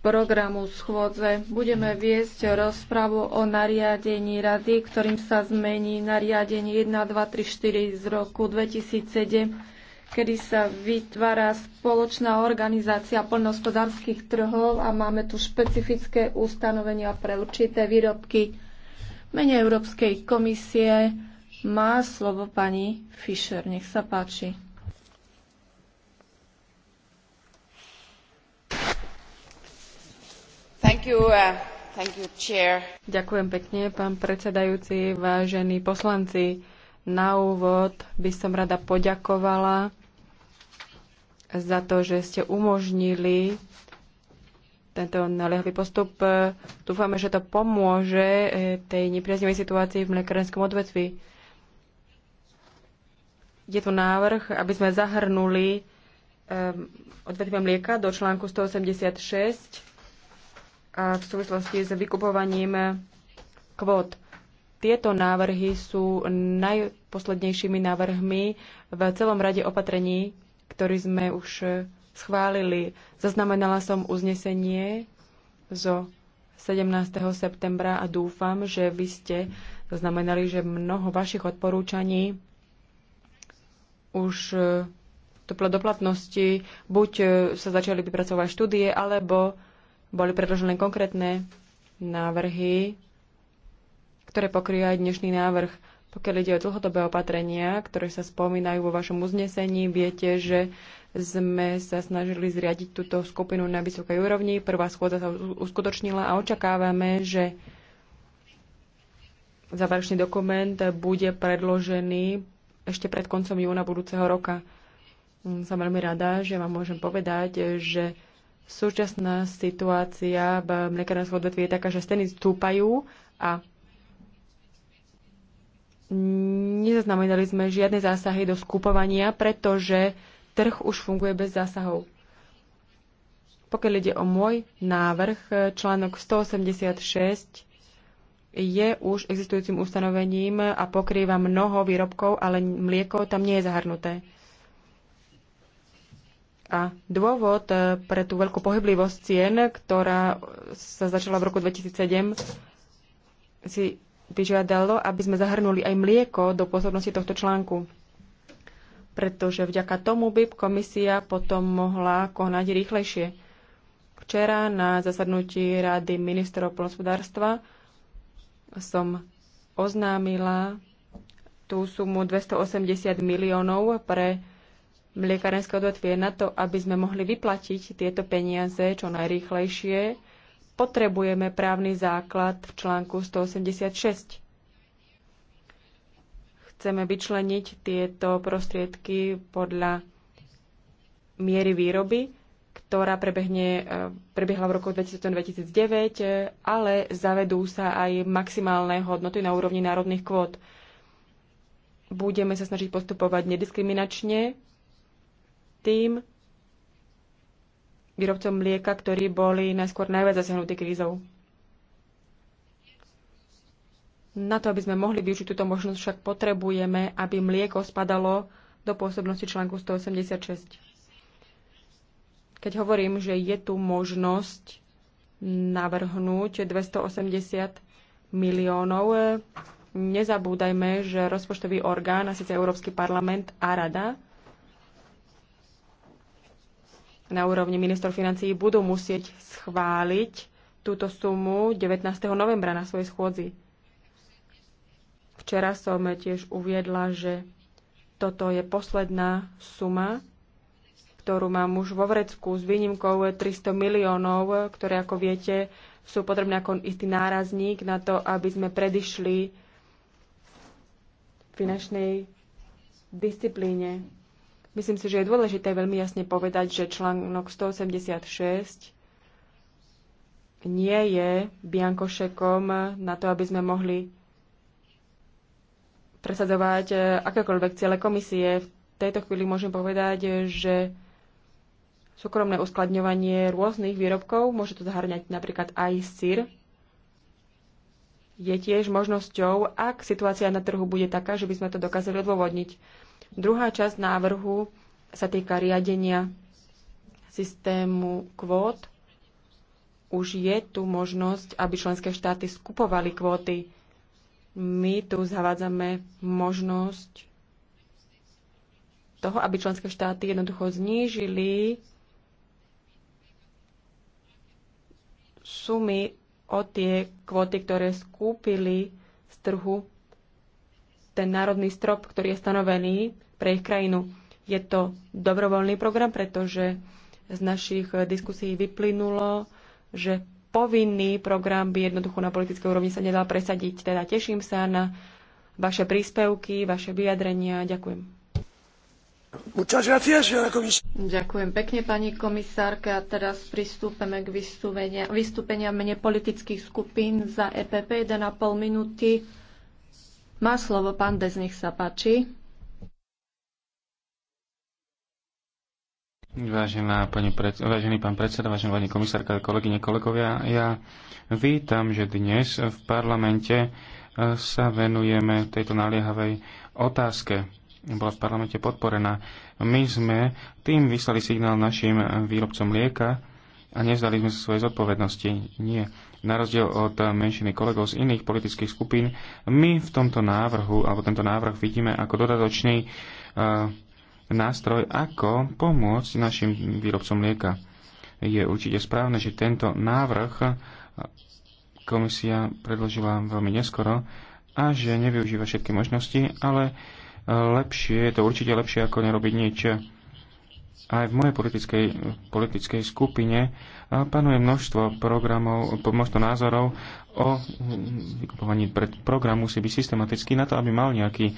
programu schôdze budeme viesť rozpravu o nariadení rady, ktorým sa zmení nariadenie 1234 z roku 2007, kedy sa vytvára spoločná organizácia plnohospodárských trhov a máme tu špecifické ustanovenia pre určité výrobky. Mene Európskej komisie má slovo pani Fischer. Nech sa páči. Uh, Ďakujem pekne, pán predsedajúci, vážení poslanci. Na úvod by som rada poďakovala za to, že ste umožnili tento naliehavý postup. Dúfame, že to pomôže eh, tej nepriaznivej situácii v mlekárenskom odvetvi. Je tu návrh, aby sme zahrnuli eh, odvetvie mlieka do článku 186 v súvislosti s vykupovaním kvót. Tieto návrhy sú najposlednejšími návrhmi v celom rade opatrení, ktorý sme už schválili. Zaznamenala som uznesenie zo 17. septembra a dúfam, že vy ste zaznamenali, že mnoho vašich odporúčaní už eh, to do platnosti. Buď eh, sa začali vypracovať štúdie, alebo boli predložené konkrétne návrhy, ktoré pokrývajú aj dnešný návrh. Pokiaľ ide o dlhodobé opatrenia, ktoré sa spomínajú vo vašom uznesení, viete, že sme sa snažili zriadiť túto skupinu na vysokej úrovni. Prvá schôdza sa uskutočnila a očakávame, že záverečný dokument bude predložený ešte pred koncom júna budúceho roka. Som veľmi rada, že vám môžem povedať, že Súčasná situácia v mliekarskom odvetví je taká, že steny stúpajú a nezaznamenali sme žiadne zásahy do skupovania, pretože trh už funguje bez zásahov. Pokiaľ ide o môj návrh, článok 186 je už existujúcim ustanovením a pokrýva mnoho výrobkov, ale mlieko tam nie je zahrnuté. A dôvod e, pre tú veľkú pohyblivosť cien, ktorá sa začala v roku 2007, si vyžiadalo, aby sme zahrnuli aj mlieko do pozornosti tohto článku. Pretože vďaka tomu by komisia potom mohla konať rýchlejšie. Včera na zasadnutí Rady ministrov plnospodárstva som oznámila tú sumu 280 miliónov pre mliekarenské odvetvie na to, aby sme mohli vyplatiť tieto peniaze čo najrýchlejšie, potrebujeme právny základ v článku 186. Chceme vyčleniť tieto prostriedky podľa miery výroby, ktorá prebehne, e, prebehla v roku 2009, e, ale zavedú sa aj maximálne hodnoty na úrovni národných kvót. Budeme sa snažiť postupovať nediskriminačne tým výrobcom mlieka, ktorí boli najskôr najviac zasiahnutí krízou. Na to, aby sme mohli využiť túto možnosť, však potrebujeme, aby mlieko spadalo do pôsobnosti článku 186. Keď hovorím, že je tu možnosť navrhnúť 280 miliónov, nezabúdajme, že rozpočtový orgán, a síce Európsky parlament a Rada, na úrovni ministrov financií budú musieť schváliť túto sumu 19. novembra na svojej schôdzi. Včera som tiež uviedla, že toto je posledná suma, ktorú mám už vo vrecku s výnimkou 300 miliónov, ktoré, ako viete, sú potrebné ako istý nárazník na to, aby sme predišli finančnej disciplíne Myslím si, že je dôležité veľmi jasne povedať, že článok 186 nie je biankošekom na to, aby sme mohli presadzovať e, akékoľvek ciele komisie. V tejto chvíli môžem povedať, že súkromné uskladňovanie rôznych výrobkov, môže to zahrňať napríklad aj sír, je tiež možnosťou, ak situácia na trhu bude taká, že by sme to dokázali odôvodniť. Druhá časť návrhu sa týka riadenia systému kvót. Už je tu možnosť, aby členské štáty skupovali kvóty. My tu zavádzame možnosť toho, aby členské štáty jednoducho znížili sumy o tie kvóty, ktoré skúpili z trhu ten národný strop, ktorý je stanovený pre ich krajinu. Je to dobrovoľný program, pretože z našich diskusí vyplynulo, že povinný program by jednoducho na politické úrovni sa nedal presadiť. Teda teším sa na vaše príspevky, vaše vyjadrenia. Ďakujem. Ďakujem pekne, pani komisárka. A teraz pristúpeme k vystúpeniam vystúpenia politických skupín za EPP 1,5 minúty. Má slovo pán Dez, nech sa páči. Vážená pani pred, vážený pán predseda, vážená pani komisárka, kolegyne, kolegovia, ja vítam, že dnes v parlamente eh, sa venujeme tejto naliehavej otázke. Bola v parlamente podporená. My sme tým vyslali signál našim výrobcom lieka a nevzdali sme sa svoje zodpovednosti. Nie. Na rozdiel od menšiny kolegov z iných politických skupín, my v tomto návrhu, alebo tento návrh vidíme ako dodatočný uh, nástroj, ako pomôcť našim výrobcom mlieka. Je určite správne, že tento návrh eh, komisia predložila veľmi neskoro a že nevyužíva všetky možnosti, ale eh, lepšie, je to určite lepšie ako nerobiť niečo aj v mojej politickej, politickej skupine eh, panuje množstvo programov, množstvo názorov o hm, vykupovaní pred program musí byť systematický na to, aby mal nejaký eh,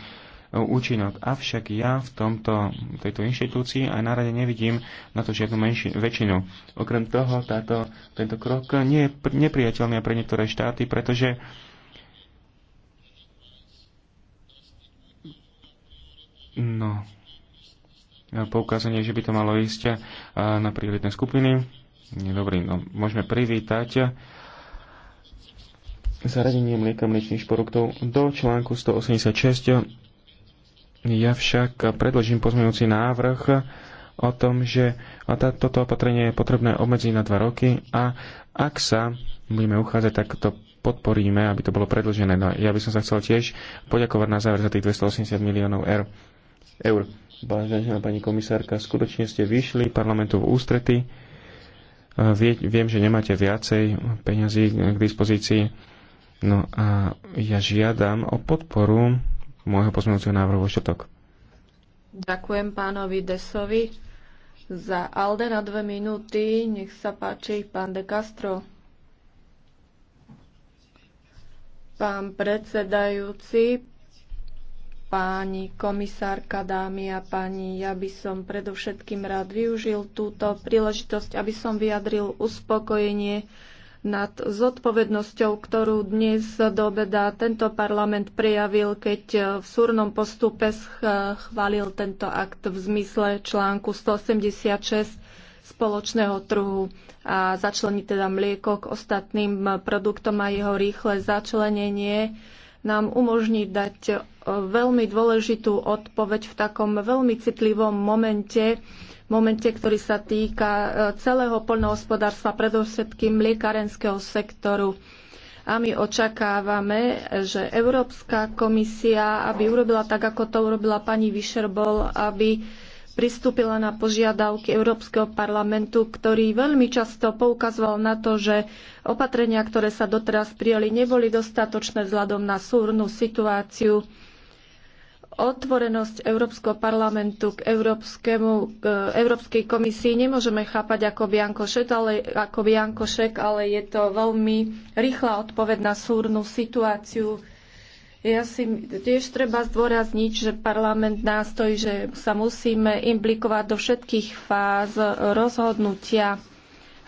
účinok. Avšak ja v tomto, tejto inštitúcii aj na rade nevidím na to žiadnu menši, väčšinu. Okrem toho, táto, tento krok nie je nepriateľný pre niektoré štáty, pretože no, poukázanie, že by to malo ísť na prioritné skupiny. Dobrý, no, môžeme privítať zaradenie mlieka mliečných produktov do článku 186. Ja však predložím pozmeňujúci návrh o tom, že toto opatrenie je potrebné obmedziť na dva roky a ak sa budeme uchádzať, tak to podporíme, aby to bolo predlžené. No, ja by som sa chcel tiež poďakovať na záver za tých 280 miliónov eur. Vážená pani komisárka, skutočne ste vyšli parlamentu v ústrety. Viem, že nemáte viacej peňazí k dispozícii. No a ja žiadam o podporu môjho pozmeňujúceho návrhu vo štotok. Ďakujem pánovi Desovi za Alde na dve minúty. Nech sa páči pán De Castro. Pán predsedajúci, páni komisárka, dámy a páni, ja by som predovšetkým rád využil túto príležitosť, aby som vyjadril uspokojenie nad zodpovednosťou, ktorú dnes do obeda tento parlament prejavil, keď v súrnom postupe schválil tento akt v zmysle článku 186 spoločného trhu a začlení teda mlieko k ostatným produktom a jeho rýchle začlenenie nám umožní dať e, veľmi dôležitú odpoveď v takom veľmi citlivom momente, momente, ktorý sa týka e, celého poľnohospodárstva, predovšetkým mliekarenského sektoru. A my očakávame, že Európska komisia, aby urobila tak, ako to urobila pani Vyšerbol, aby pristúpila na požiadavky Európskeho parlamentu, ktorý veľmi často poukazoval na to, že opatrenia, ktoré sa doteraz prijali, neboli dostatočné vzhľadom na súrnu situáciu. Otvorenosť Európskeho parlamentu k, Európskemu, k Európskej komisii nemôžeme chápať ako biankošek, ale, ako biankošek, ale je to veľmi rýchla odpoveď na súrnu situáciu ja si tiež treba zdôrazniť, že parlament nástojí, že sa musíme implikovať do všetkých fáz rozhodnutia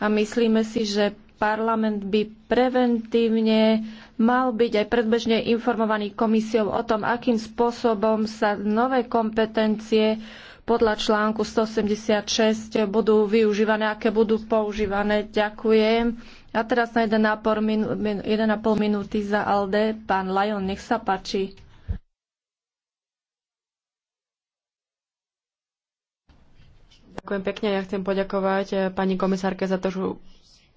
a myslíme si, že parlament by preventívne mal byť aj predbežne informovaný komisiou o tom, akým spôsobom sa nové kompetencie podľa článku 186 budú využívané, aké budú používané. Ďakujem. A teraz na 1,5 minú, minúty za Alde. Pán Lajon, nech sa páči. Ďakujem pekne. Ja chcem poďakovať eh, pani komisárke za to,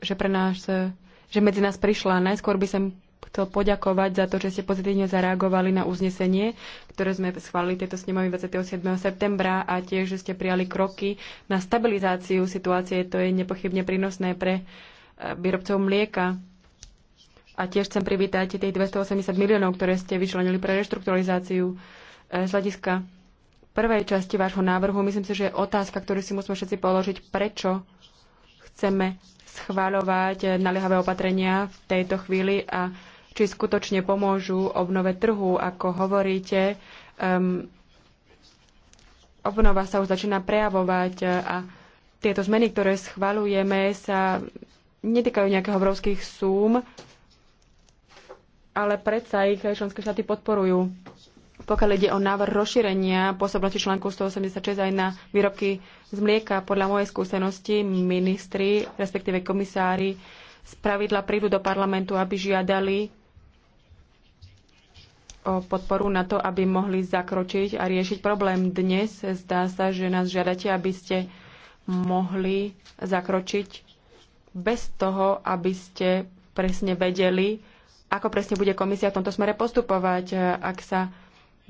že pre nás eh, že medzi nás prišla. Najskôr by som chcel poďakovať za to, že ste pozitívne zareagovali na uznesenie, ktoré sme schválili tieto snemovne 27. septembra a tiež, že ste prijali kroky na stabilizáciu situácie. To je nepochybne prínosné pre e, výrobcov mlieka. A tiež chcem privítať tých 280 miliónov, ktoré ste vyčlenili pre reštrukturalizáciu e, z hľadiska prvej časti vášho návrhu. Myslím si, že je otázka, ktorú si musíme všetci položiť, prečo chceme schváľovať e, naliehavé opatrenia v tejto chvíli a či skutočne pomôžu obnove trhu, ako hovoríte. Um, obnova sa už začína prejavovať a tieto zmeny, ktoré schvalujeme, sa netýkajú nejakých obrovských súm, ale predsa ich členské štáty podporujú. Pokiaľ ide o návrh rozšírenia pôsobnosti článku 186 aj na výrobky z mlieka, podľa mojej skúsenosti ministri, respektíve komisári, z pravidla prídu do parlamentu, aby žiadali podporu na to, aby mohli zakročiť a riešiť problém. Dnes zdá sa, že nás žiadate, aby ste mohli zakročiť bez toho, aby ste presne vedeli, ako presne bude komisia v tomto smere postupovať. Ak sa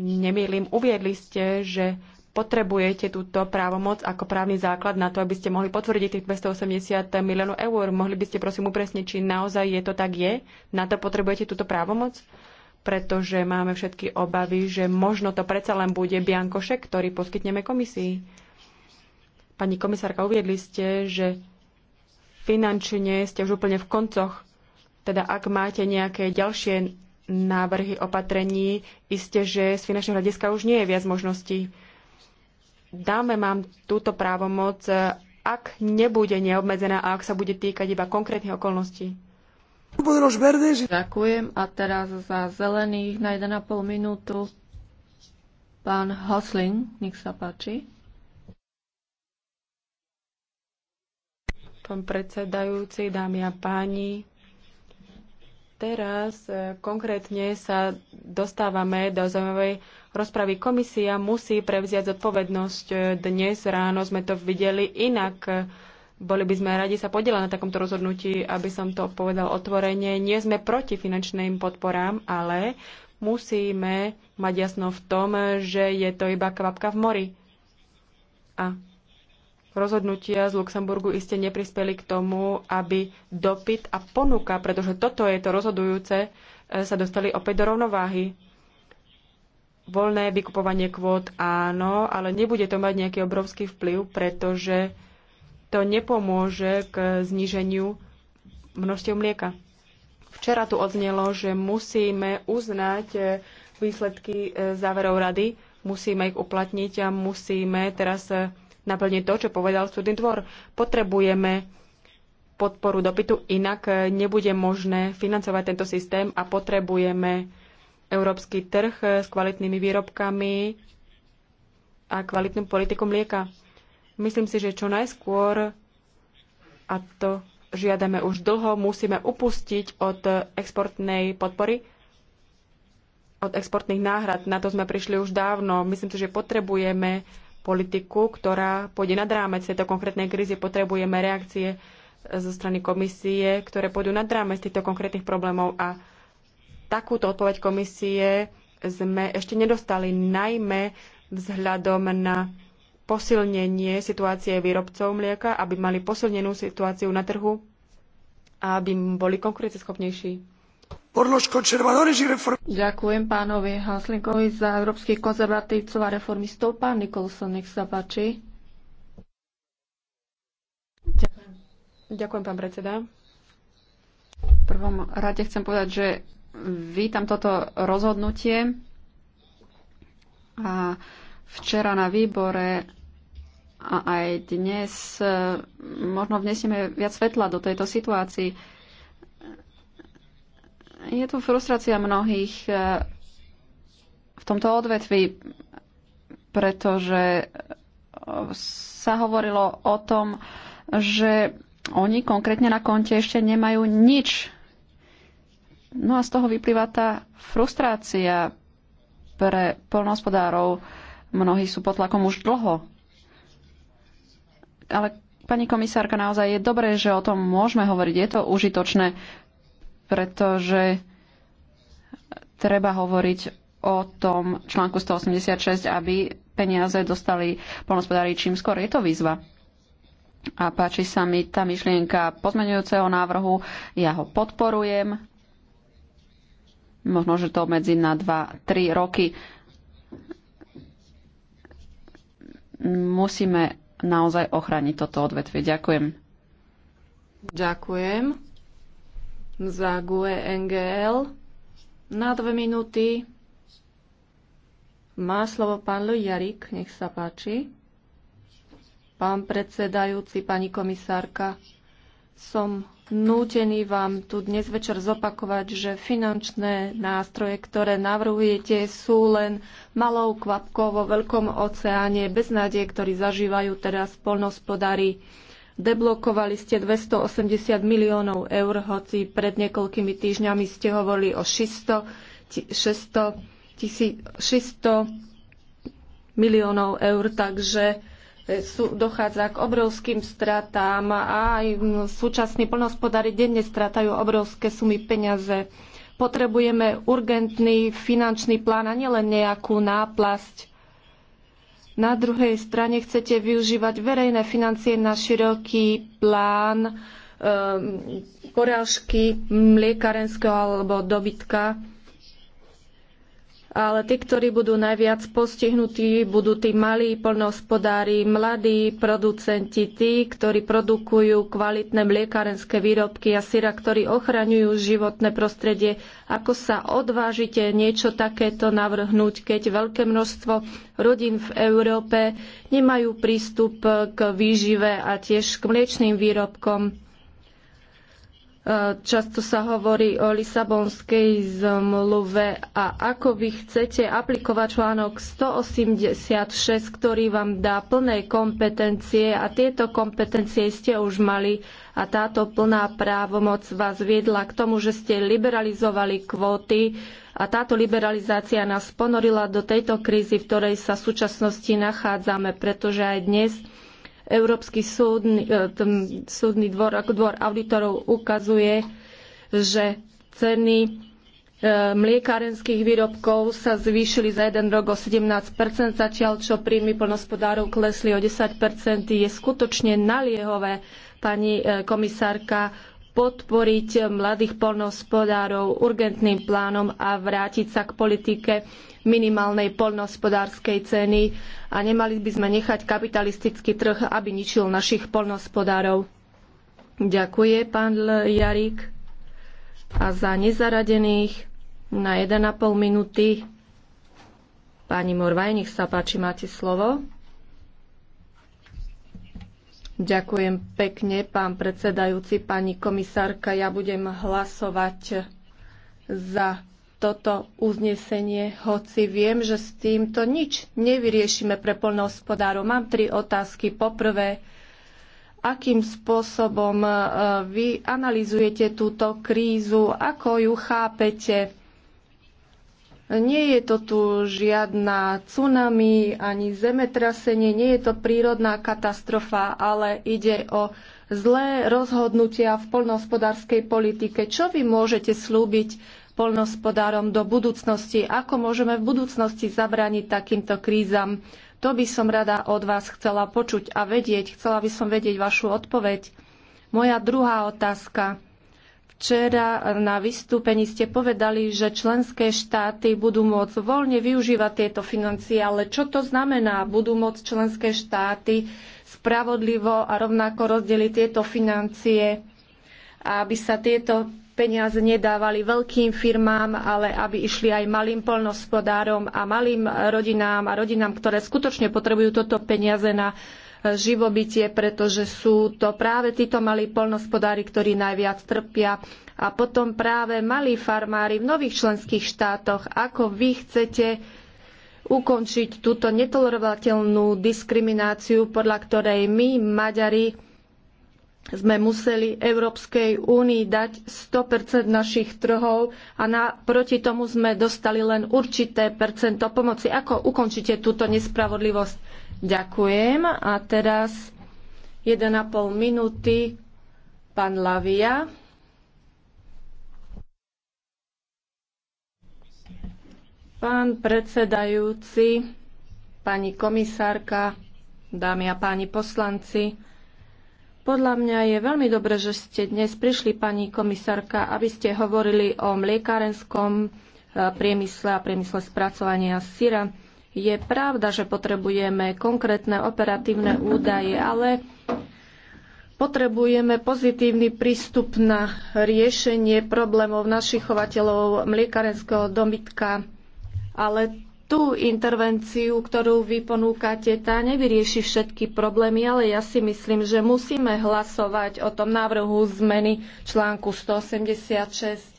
nemýlim, uviedli ste, že potrebujete túto právomoc ako právny základ na to, aby ste mohli potvrdiť tých 280 miliónov eur. Mohli by ste prosím upresniť, či naozaj je to tak je? Na to potrebujete túto právomoc? pretože máme všetky obavy, že možno to predsa len bude biankošek, ktorý poskytneme komisii. Pani komisárka, uviedli ste, že finančne ste už úplne v koncoch. Teda ak máte nejaké ďalšie návrhy opatrení, iste, že z finančného hľadiska už nie je viac možností. Dáme vám túto právomoc, ak nebude neobmedzená a ak sa bude týkať iba konkrétnych okolností. Ďakujem a teraz za zelených na 1,5 minútu pán Hosling, nech sa páči. Pán predsedajúci, dámy a páni, teraz e, konkrétne sa dostávame do zaujímavej rozpravy. Komisia musí prevziať zodpovednosť. E, dnes ráno sme to videli inak boli by sme radi sa podielať na takomto rozhodnutí, aby som to povedal otvorene. Nie sme proti finančným podporám, ale musíme mať jasno v tom, že je to iba kvapka v mori. A rozhodnutia z Luxemburgu iste neprispeli k tomu, aby dopyt a ponuka, pretože toto je to rozhodujúce, e, sa dostali opäť do rovnováhy. Voľné vykupovanie kvót áno, ale nebude to mať nejaký obrovský vplyv, pretože to nepomôže k zníženiu množstiev mlieka. Včera tu odznelo, že musíme uznať e, výsledky e, záverov rady, musíme ich uplatniť a musíme teraz e, naplniť to, čo povedal súdny dvor. Potrebujeme podporu dopytu, inak nebude možné financovať tento systém a potrebujeme európsky trh s kvalitnými výrobkami a kvalitnú politiku mlieka Myslím si, že čo najskôr, a to žiadame už dlho, musíme upustiť od exportnej podpory, od exportných náhrad. Na to sme prišli už dávno. Myslím si, že potrebujeme politiku, ktorá pôjde nad rámec tejto konkrétnej krízy. Potrebujeme reakcie zo strany komisie, ktoré pôjdu nad rámec týchto konkrétnych problémov a takúto odpoveď komisie sme ešte nedostali, najmä vzhľadom na posilnenie situácie výrobcov mlieka, aby mali posilnenú situáciu na trhu a aby boli konkurenceschopnejší. Ďakujem pánovi Haslinkovi za európskych konzervatívcov a reformistov. Pán Nikolson, nech sa páči. Ďakujem. pán predseda. V prvom rade chcem povedať, že vítam toto rozhodnutie a včera na výbore a aj dnes e, možno vnesieme viac svetla do tejto situácii. Je tu frustrácia mnohých e, v tomto odvetvi, pretože sa hovorilo o tom, že oni konkrétne na konte ešte nemajú nič. No a z toho vyplýva tá frustrácia pre polnohospodárov. Mnohí sú pod tlakom už dlho. Ale pani komisárka, naozaj je dobré, že o tom môžeme hovoriť. Je to užitočné, pretože treba hovoriť o tom článku 186, aby peniaze dostali polnospodári čím skôr. Je to výzva. A páči sa mi tá myšlienka pozmeňujúceho návrhu. Ja ho podporujem. Možno, že to medzi na 2-3 roky. Musíme naozaj ochrániť toto odvetvie. Ďakujem. Ďakujem za GUE NGL. Na dve minúty má slovo pán Jarik, nech sa páči. Pán predsedajúci, pani komisárka, som nútený vám tu dnes večer zopakovať, že finančné nástroje, ktoré navrhujete, sú len malou kvapkou vo veľkom oceáne bez beznádej, ktorý zažívajú teraz polnospodári. Deblokovali ste 280 miliónov eur, hoci pred niekoľkými týždňami ste hovorili o 600, 600, 600 miliónov eur, takže sú, dochádza k obrovským stratám a aj súčasní plnohospodári denne stratajú obrovské sumy peniaze. Potrebujeme urgentný finančný plán a nielen nejakú náplasť. Na druhej strane chcete využívať verejné financie na široký plán um, porážky mliekarenského alebo dobytka ale tí, ktorí budú najviac postihnutí, budú tí malí poľnohospodári, mladí producenti, tí, ktorí produkujú kvalitné mliekarenské výrobky a syra, ktorí ochraňujú životné prostredie. Ako sa odvážite niečo takéto navrhnúť, keď veľké množstvo rodín v Európe nemajú prístup k výžive a tiež k mliečným výrobkom? Často sa hovorí o Lisabonskej zmluve a ako vy chcete aplikovať článok 186, ktorý vám dá plné kompetencie a tieto kompetencie ste už mali a táto plná právomoc vás viedla k tomu, že ste liberalizovali kvóty a táto liberalizácia nás ponorila do tejto krízy, v ktorej sa v súčasnosti nachádzame, pretože aj dnes Európsky súdny, e, súdny dvor, ako dvor auditorov ukazuje, že ceny e, mliekárenských výrobkov sa zvýšili za jeden rok o 17 zatiaľ čo príjmy plnospodárov klesli o 10 je skutočne naliehové, pani e, komisárka, podporiť mladých polnohospodárov urgentným plánom a vrátiť sa k politike minimálnej polnohospodárskej ceny a nemali by sme nechať kapitalistický trh, aby ničil našich polnohospodárov. Ďakujem pán Jarik. A za nezaradených na 1,5 minúty pani Morvaj, nech sa páči, máte slovo. Ďakujem pekne, pán predsedajúci, pani komisárka. Ja budem hlasovať za toto uznesenie, hoci viem, že s týmto nič nevyriešime pre polnohospodárov. Mám tri otázky. Poprvé, akým spôsobom eh, vy analizujete túto krízu, ako ju chápete nie je to tu žiadna tsunami ani zemetrasenie, nie je to prírodná katastrofa, ale ide o zlé rozhodnutia v poľnohospodárskej politike. Čo vy môžete slúbiť poľnohospodárom do budúcnosti? Ako môžeme v budúcnosti zabrániť takýmto krízam? To by som rada od vás chcela počuť a vedieť. Chcela by som vedieť vašu odpoveď. Moja druhá otázka Včera na vystúpení ste povedali, že členské štáty budú môcť voľne využívať tieto financie, ale čo to znamená? Budú môcť členské štáty spravodlivo a rovnako rozdeliť tieto financie, aby sa tieto peniaze nedávali veľkým firmám, ale aby išli aj malým polnospodárom a malým rodinám a rodinám, ktoré skutočne potrebujú toto peniaze na živobytie, pretože sú to práve títo malí poľnohospodári, ktorí najviac trpia. A potom práve malí farmári v nových členských štátoch, ako vy chcete ukončiť túto netolerovateľnú diskrimináciu, podľa ktorej my, Maďari, sme museli Európskej únii dať 100% našich trhov a naproti tomu sme dostali len určité percento pomoci. Ako ukončíte túto nespravodlivosť? Ďakujem. A teraz 1,5 minúty pán Lavia. Pán predsedajúci, pani komisárka, dámy a páni poslanci, podľa mňa je veľmi dobre, že ste dnes prišli, pani komisárka, aby ste hovorili o mliekárenskom eh, priemysle a priemysle spracovania syra. Je pravda, že potrebujeme konkrétne operatívne údaje, ale potrebujeme pozitívny prístup na riešenie problémov našich chovateľov mliekarenského dobytka, ale tú intervenciu, ktorú vy ponúkate, tá nevyrieši všetky problémy, ale ja si myslím, že musíme hlasovať o tom návrhu zmeny článku 186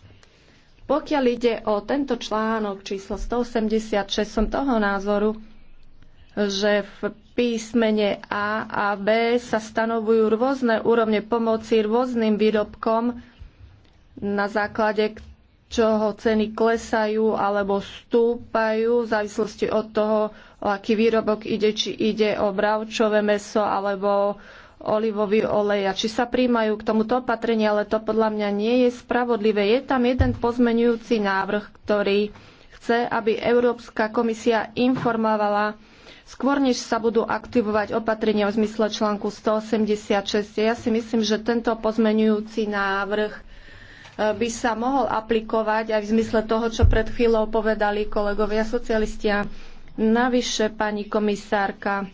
pokiaľ ide o tento článok číslo 186, som toho názoru, že v písmene A a B sa stanovujú rôzne úrovne pomoci rôznym výrobkom, na základe čoho ceny klesajú alebo stúpajú v závislosti od toho, o aký výrobok ide, či ide o bravčové meso alebo olivový olej a či sa príjmajú k tomuto opatrenia, ale to podľa mňa nie je spravodlivé. Je tam jeden pozmenujúci návrh, ktorý chce, aby Európska komisia informovala skôr, než sa budú aktivovať opatrenia v zmysle článku 186. Ja si myslím, že tento pozmenujúci návrh e, by sa mohol aplikovať aj v zmysle toho, čo pred chvíľou povedali kolegovia socialistia. Navyše, pani komisárka,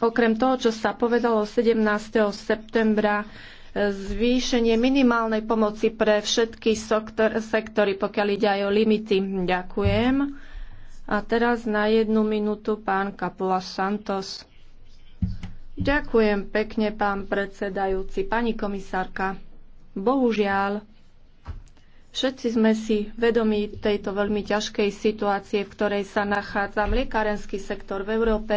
Okrem toho, čo sa povedalo 17. septembra, e, zvýšenie minimálnej pomoci pre všetky sektory, pokiaľ ide aj o limity. Ďakujem. A teraz na jednu minútu pán Kapula Santos. Ďakujem pekne, pán predsedajúci, pani komisárka. Bohužiaľ, všetci sme si vedomi tejto veľmi ťažkej situácie, v ktorej sa nachádza mliekárenský sektor v Európe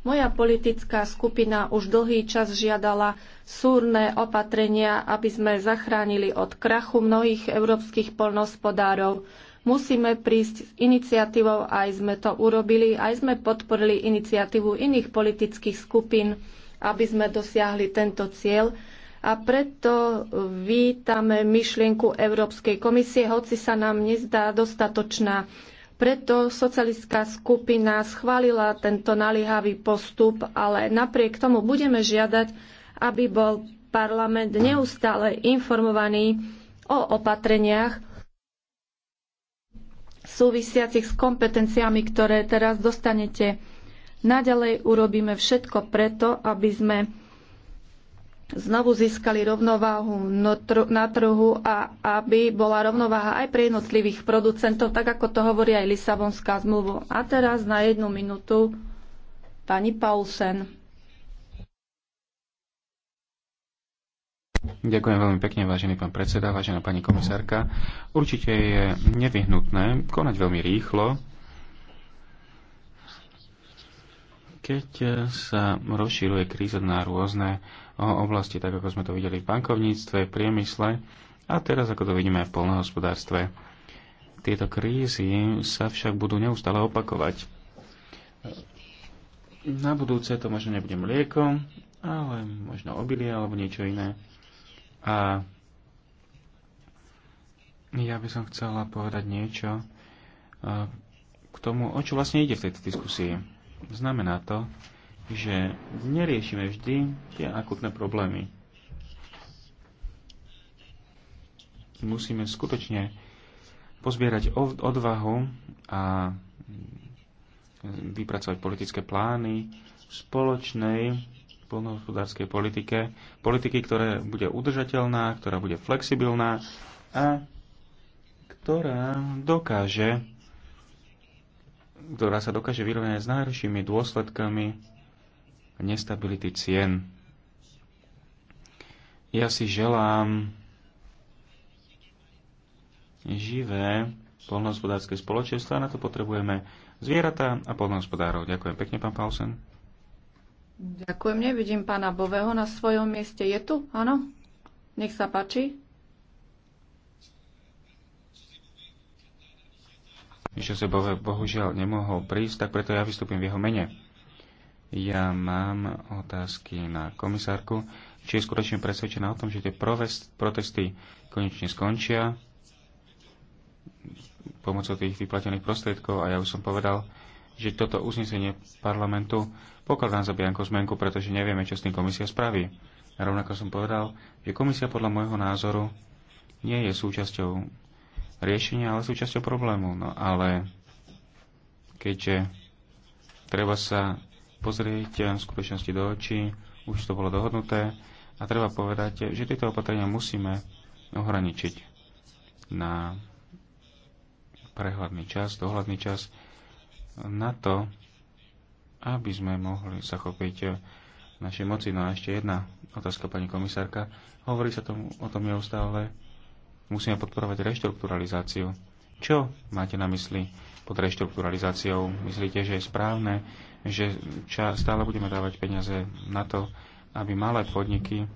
moja politická skupina už dlhý čas žiadala súrne opatrenia, aby sme zachránili od krachu mnohých európskych polnospodárov. Musíme prísť s iniciatívou, aj sme to urobili, aj sme podporili iniciatívu iných politických skupín, aby sme dosiahli tento cieľ. A preto vítame myšlienku Európskej komisie, hoci sa nám nezdá dostatočná preto socialistická skupina schválila tento naliehavý postup, ale napriek tomu budeme žiadať, aby bol parlament neustále informovaný o opatreniach súvisiacich s kompetenciami, ktoré teraz dostanete. Naďalej urobíme všetko preto, aby sme znovu získali rovnováhu no na trhu a aby bola rovnováha aj pre jednotlivých producentov, tak ako to hovorí aj Lisabonská zmluva. A teraz na jednu minútu pani Paulsen. Ďakujem veľmi pekne, vážený pán predseda, vážená pani komisárka. Určite je nevyhnutné konať veľmi rýchlo, keď e, sa rozšíruje kríza na rôzne oblasti, tak ako sme to videli v bankovníctve, priemysle a teraz ako to vidíme aj v polnohospodárstve. Tieto krízy sa však budú neustále opakovať. Na budúce to možno nebude mlieko, ale možno obilie alebo niečo iné. A ja by som chcela povedať niečo e, k tomu, o čo vlastne ide v tejto diskusii Znamená to, že neriešime vždy tie akutné problémy. Musíme skutočne pozbierať odvahu a vypracovať politické plány spoločnej polnohospodárskej politike, politiky, ktorá bude udržateľná, ktorá bude flexibilná a ktorá dokáže ktorá sa dokáže vyrovnať s najhoršími dôsledkami nestability cien. Ja si želám živé polnohospodárske spoločenstva, na to potrebujeme zvieratá a polnohospodárov. Ďakujem pekne, pán Paulsen. Ďakujem, nevidím pána Bového na svojom mieste. Je tu? Áno? Nech sa páči. Josep bohužiaľ nemohol prísť, tak preto ja vystúpim v jeho mene. Ja mám otázky na komisárku, či je skutočne presvedčená o tom, že tie protesty konečne skončia pomocou tých vyplatených prostriedkov a ja už som povedal, že toto uznesenie parlamentu pokladám za bianko zmenku, pretože nevieme, čo s tým komisia spraví. A rovnako som povedal, že komisia podľa môjho názoru nie je súčasťou riešenia, ale súčasťou problému. No ale keďže treba sa pozrieť eh, v skutočnosti do očí, už to bolo dohodnuté a treba povedať, eh, že tieto opatrenia musíme ohraničiť na prehľadný čas, dohľadný čas na to, aby sme mohli zachopiť eh, našej moci. No a ešte jedna otázka, pani komisárka. Hovorí sa tomu, o tom neustále, musíme podporovať reštrukturalizáciu. Čo máte na mysli pod reštrukturalizáciou? Myslíte, že je správne, že stále budeme dávať peniaze na to, aby malé podniky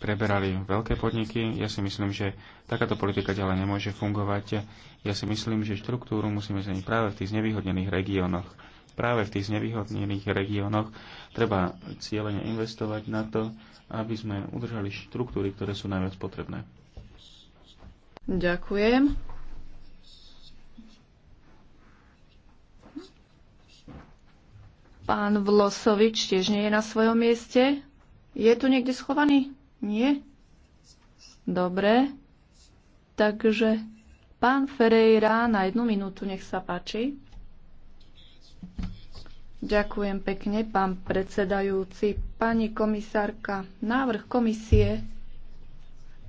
preberali veľké podniky. Ja si myslím, že takáto politika ďalej nemôže fungovať. Ja si myslím, že štruktúru musíme zmeniť práve v tých znevýhodnených regiónoch práve v tých znevýhodnených regiónoch treba cieľene investovať na to, aby sme udržali štruktúry, ktoré sú najviac potrebné. Ďakujem. Pán Vlosovič tiež nie je na svojom mieste. Je tu niekde schovaný? Nie? Dobre. Takže pán Ferejra na jednu minútu, nech sa páči. Ďakujem pekne, pán predsedajúci. Pani komisárka, návrh komisie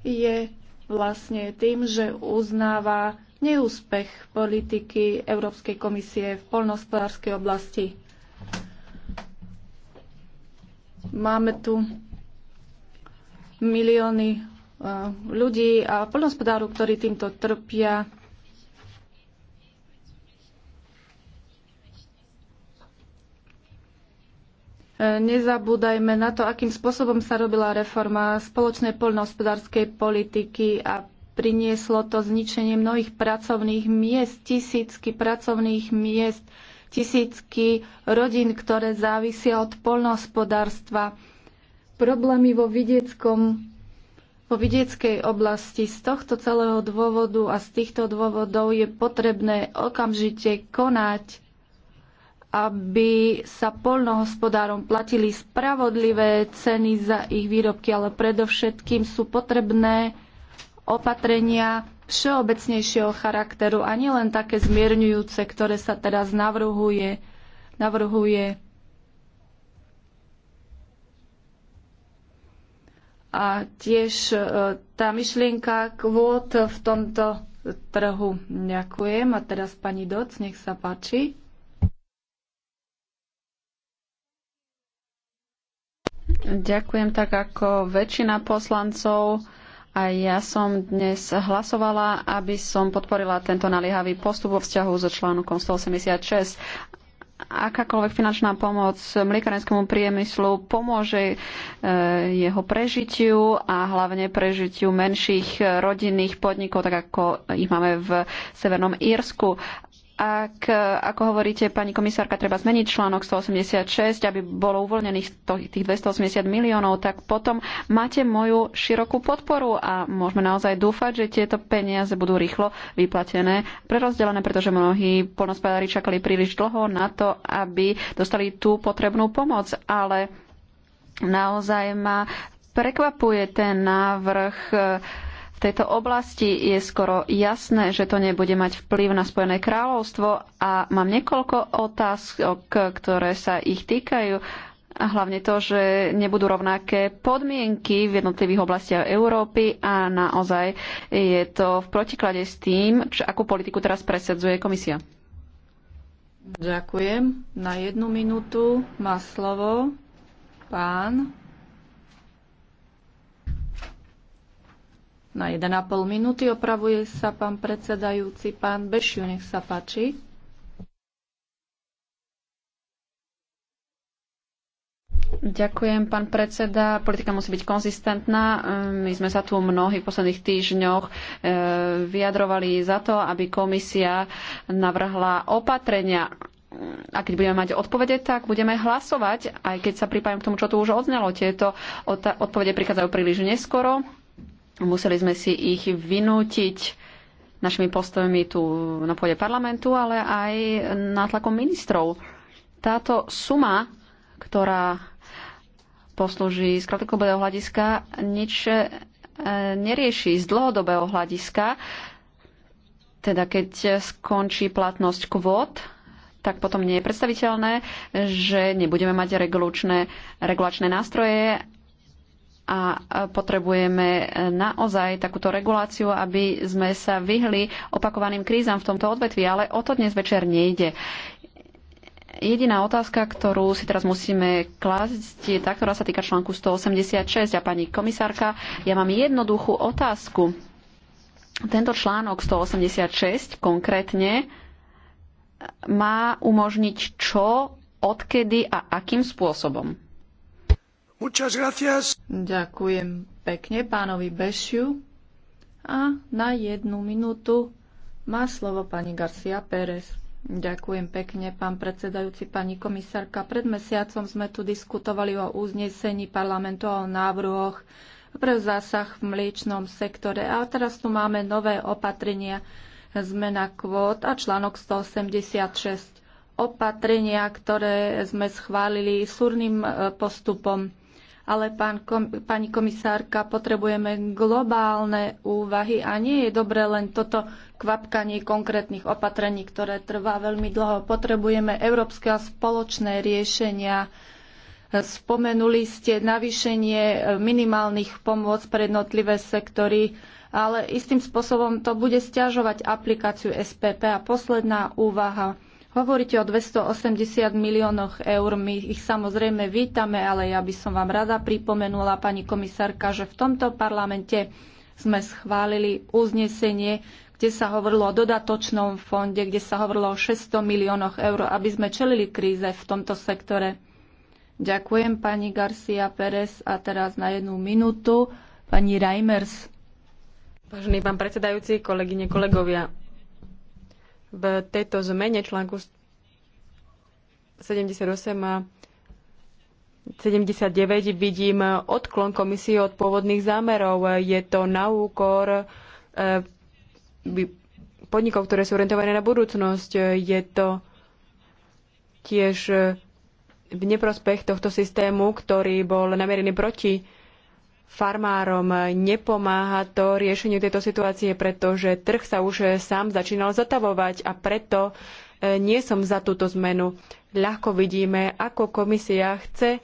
je vlastne tým, že uznáva neúspech politiky Európskej komisie v poľnohospodárskej oblasti. Máme tu milióny eh, ľudí a poľnohospodárov, ktorí týmto trpia Nezabúdajme na to, akým spôsobom sa robila reforma spoločnej poľnohospodárskej politiky a prinieslo to zničenie mnohých pracovných miest, tisícky pracovných miest, tisícky rodín, ktoré závisia od poľnohospodárstva. Problémy vo vidieckom po vidieckej oblasti. Z tohto celého dôvodu a z týchto dôvodov je potrebné okamžite konať aby sa poľnohospodárom platili spravodlivé ceny za ich výrobky, ale predovšetkým sú potrebné opatrenia všeobecnejšieho charakteru a nielen také zmierňujúce, ktoré sa teraz navrhuje. navrhuje. A tiež e, tá myšlienka kvót v tomto trhu. Ďakujem. A teraz pani Doc, nech sa páči. Ďakujem tak ako väčšina poslancov. A ja som dnes hlasovala, aby som podporila tento naliehavý postup vo vzťahu so článkom 186. Akákoľvek finančná pomoc mliekarenskému priemyslu pomôže e, jeho prežitiu a hlavne prežitiu menších rodinných podnikov, tak ako ich máme v Severnom Írsku ak, e, ako hovoríte, pani komisárka, treba zmeniť článok 186, aby bolo uvoľnených tých 280 miliónov, tak potom máte moju širokú podporu a môžeme naozaj dúfať, že tieto peniaze budú rýchlo vyplatené, prerozdelené, pretože mnohí polnospodári čakali príliš dlho na to, aby dostali tú potrebnú pomoc, ale naozaj ma prekvapuje ten návrh e, tejto oblasti je skoro jasné, že to nebude mať vplyv na Spojené kráľovstvo a mám niekoľko otázok, ktoré sa ich týkajú. A hlavne to, že nebudú rovnaké podmienky v jednotlivých oblastiach Európy a naozaj je to v protiklade s tým, čo, akú politiku teraz presadzuje komisia. Ďakujem. Na jednu minútu má slovo pán na 1,5 minúty. Opravuje sa pán predsedajúci, pán Bešiu, nech sa páči. Ďakujem, pán predseda. Politika musí byť konzistentná. My sme sa tu mnohí v posledných týždňoch e, vyjadrovali za to, aby komisia navrhla opatrenia. A keď budeme mať odpovede, tak budeme hlasovať, aj keď sa pripájam k tomu, čo tu už odznelo. Tieto odpovede prichádzajú príliš neskoro Museli sme si ich vynútiť našimi postojmi tu na pôde parlamentu, ale aj nátlakom ministrov. Táto suma, ktorá poslúži z krátkodobého hľadiska, nič e, nerieši z dlhodobého hľadiska. Teda keď skončí platnosť kvót, tak potom nie je predstaviteľné, že nebudeme mať regulačné, regulačné nástroje a potrebujeme eh, naozaj takúto reguláciu, aby sme sa vyhli opakovaným krízam v tomto odvetvi, ale o to dnes večer nejde. Jediná otázka, ktorú si teraz musíme klásť, je tá, ktorá sa týka článku 186. A pani komisárka, ja mám jednoduchú otázku. Tento článok 186 konkrétne eh, má umožniť čo, odkedy a akým spôsobom? Ďakujem pekne pánovi Bešiu. A na jednu minútu má slovo pani Garcia Pérez. Ďakujem pekne, pán predsedajúci, pani komisárka. Pred mesiacom sme tu diskutovali o uznesení parlamentu o návrhoch pre zásah v mliečnom sektore. A teraz tu máme nové opatrenia, zmena kvót a článok 186. Opatrenia, ktoré sme schválili súrnym e, postupom ale pán kom, pani komisárka, potrebujeme globálne úvahy a nie je dobre len toto kvapkanie konkrétnych opatrení, ktoré trvá veľmi dlho. Potrebujeme európske a spoločné riešenia. Spomenuli ste navýšenie e, minimálnych pomôc pre jednotlivé sektory, ale istým spôsobom to bude stiažovať aplikáciu SPP. A posledná úvaha Hovoríte o 280 miliónoch eur, my ich samozrejme vítame, ale ja by som vám rada pripomenula, pani komisárka, že v tomto parlamente sme schválili uznesenie, kde sa hovorilo o dodatočnom fonde, kde sa hovorilo o 600 miliónoch eur, aby sme čelili kríze v tomto sektore. Ďakujem pani Garcia Pérez a teraz na jednu minútu pani Reimers. Vážený pán predsedajúci, kolegyne, kolegovia, v tejto zmene článku 78 a 79 vidím odklon komisie od pôvodných zámerov. Je to na úkor e, podnikov, ktoré sú orientované na budúcnosť. Je to tiež v neprospech tohto systému, ktorý bol namierený proti farmárom, nepomáha to riešenie tejto situácie, pretože trh sa už eh, sám začínal zatavovať a preto eh, nie som za túto zmenu. Ľahko vidíme, ako komisia chce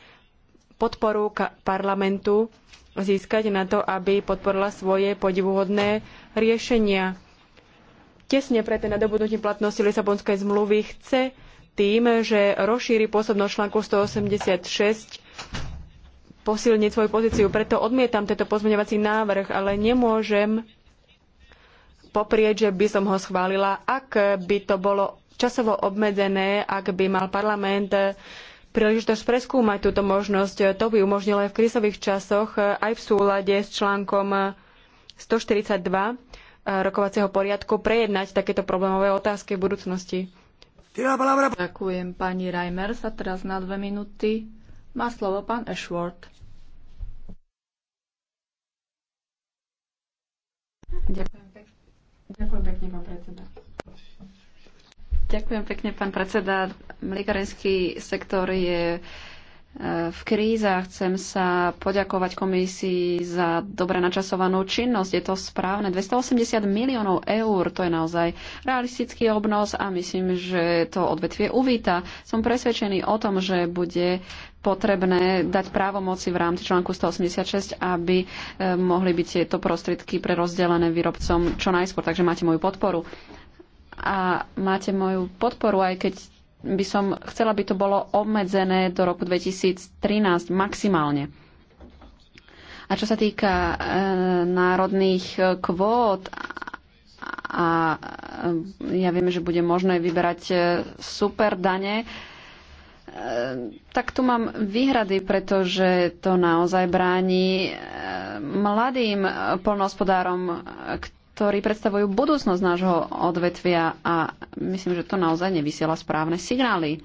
podporu parlamentu získať na to, aby podporila svoje podivuhodné riešenia. Tesne pred nadobudnutím platnosti Lisabonskej zmluvy chce tým, že rozšíri pôsobnosť článku 186 posilniť svoju pozíciu. Preto odmietam tento pozmeňovací návrh, ale nemôžem poprieť, že by som ho schválila, ak by to bolo časovo obmedzené, ak by mal parlament príležitosť preskúmať túto možnosť. To by umožnilo aj v krízových časoch, aj v súlade s článkom 142 rokovacieho poriadku prejednať takéto problémové otázky v budúcnosti. Ďakujem pani Reimers a teraz na dve minúty má slovo pán Ashworth. Ďakujem pekne. Ďakujem pekne, pán predseda. Ďakujem pekne, pán predseda. Mliekarenský sektor je e, v krízach. Chcem sa poďakovať komisii za dobre načasovanú činnosť. Je to správne. 280 miliónov eur, to je naozaj realistický obnos a myslím, že to odvetvie uvíta. Som presvedčený o tom, že bude potrebné dať právomoci v rámci článku 186, aby e, mohli byť tieto prostriedky prerozdelené výrobcom čo najskôr. Takže máte moju podporu. A máte moju podporu, aj keď by som chcela, aby to bolo obmedzené do roku 2013 maximálne. A čo sa týka e, národných e, kvót a ja viem, že bude možné vyberať e, super dane, Ehm, tak tu mám výhrady, pretože to naozaj bráni ehm, mladým e, polnohospodárom, e, ktorí predstavujú budúcnosť nášho odvetvia a myslím, že to naozaj nevysiela správne signály.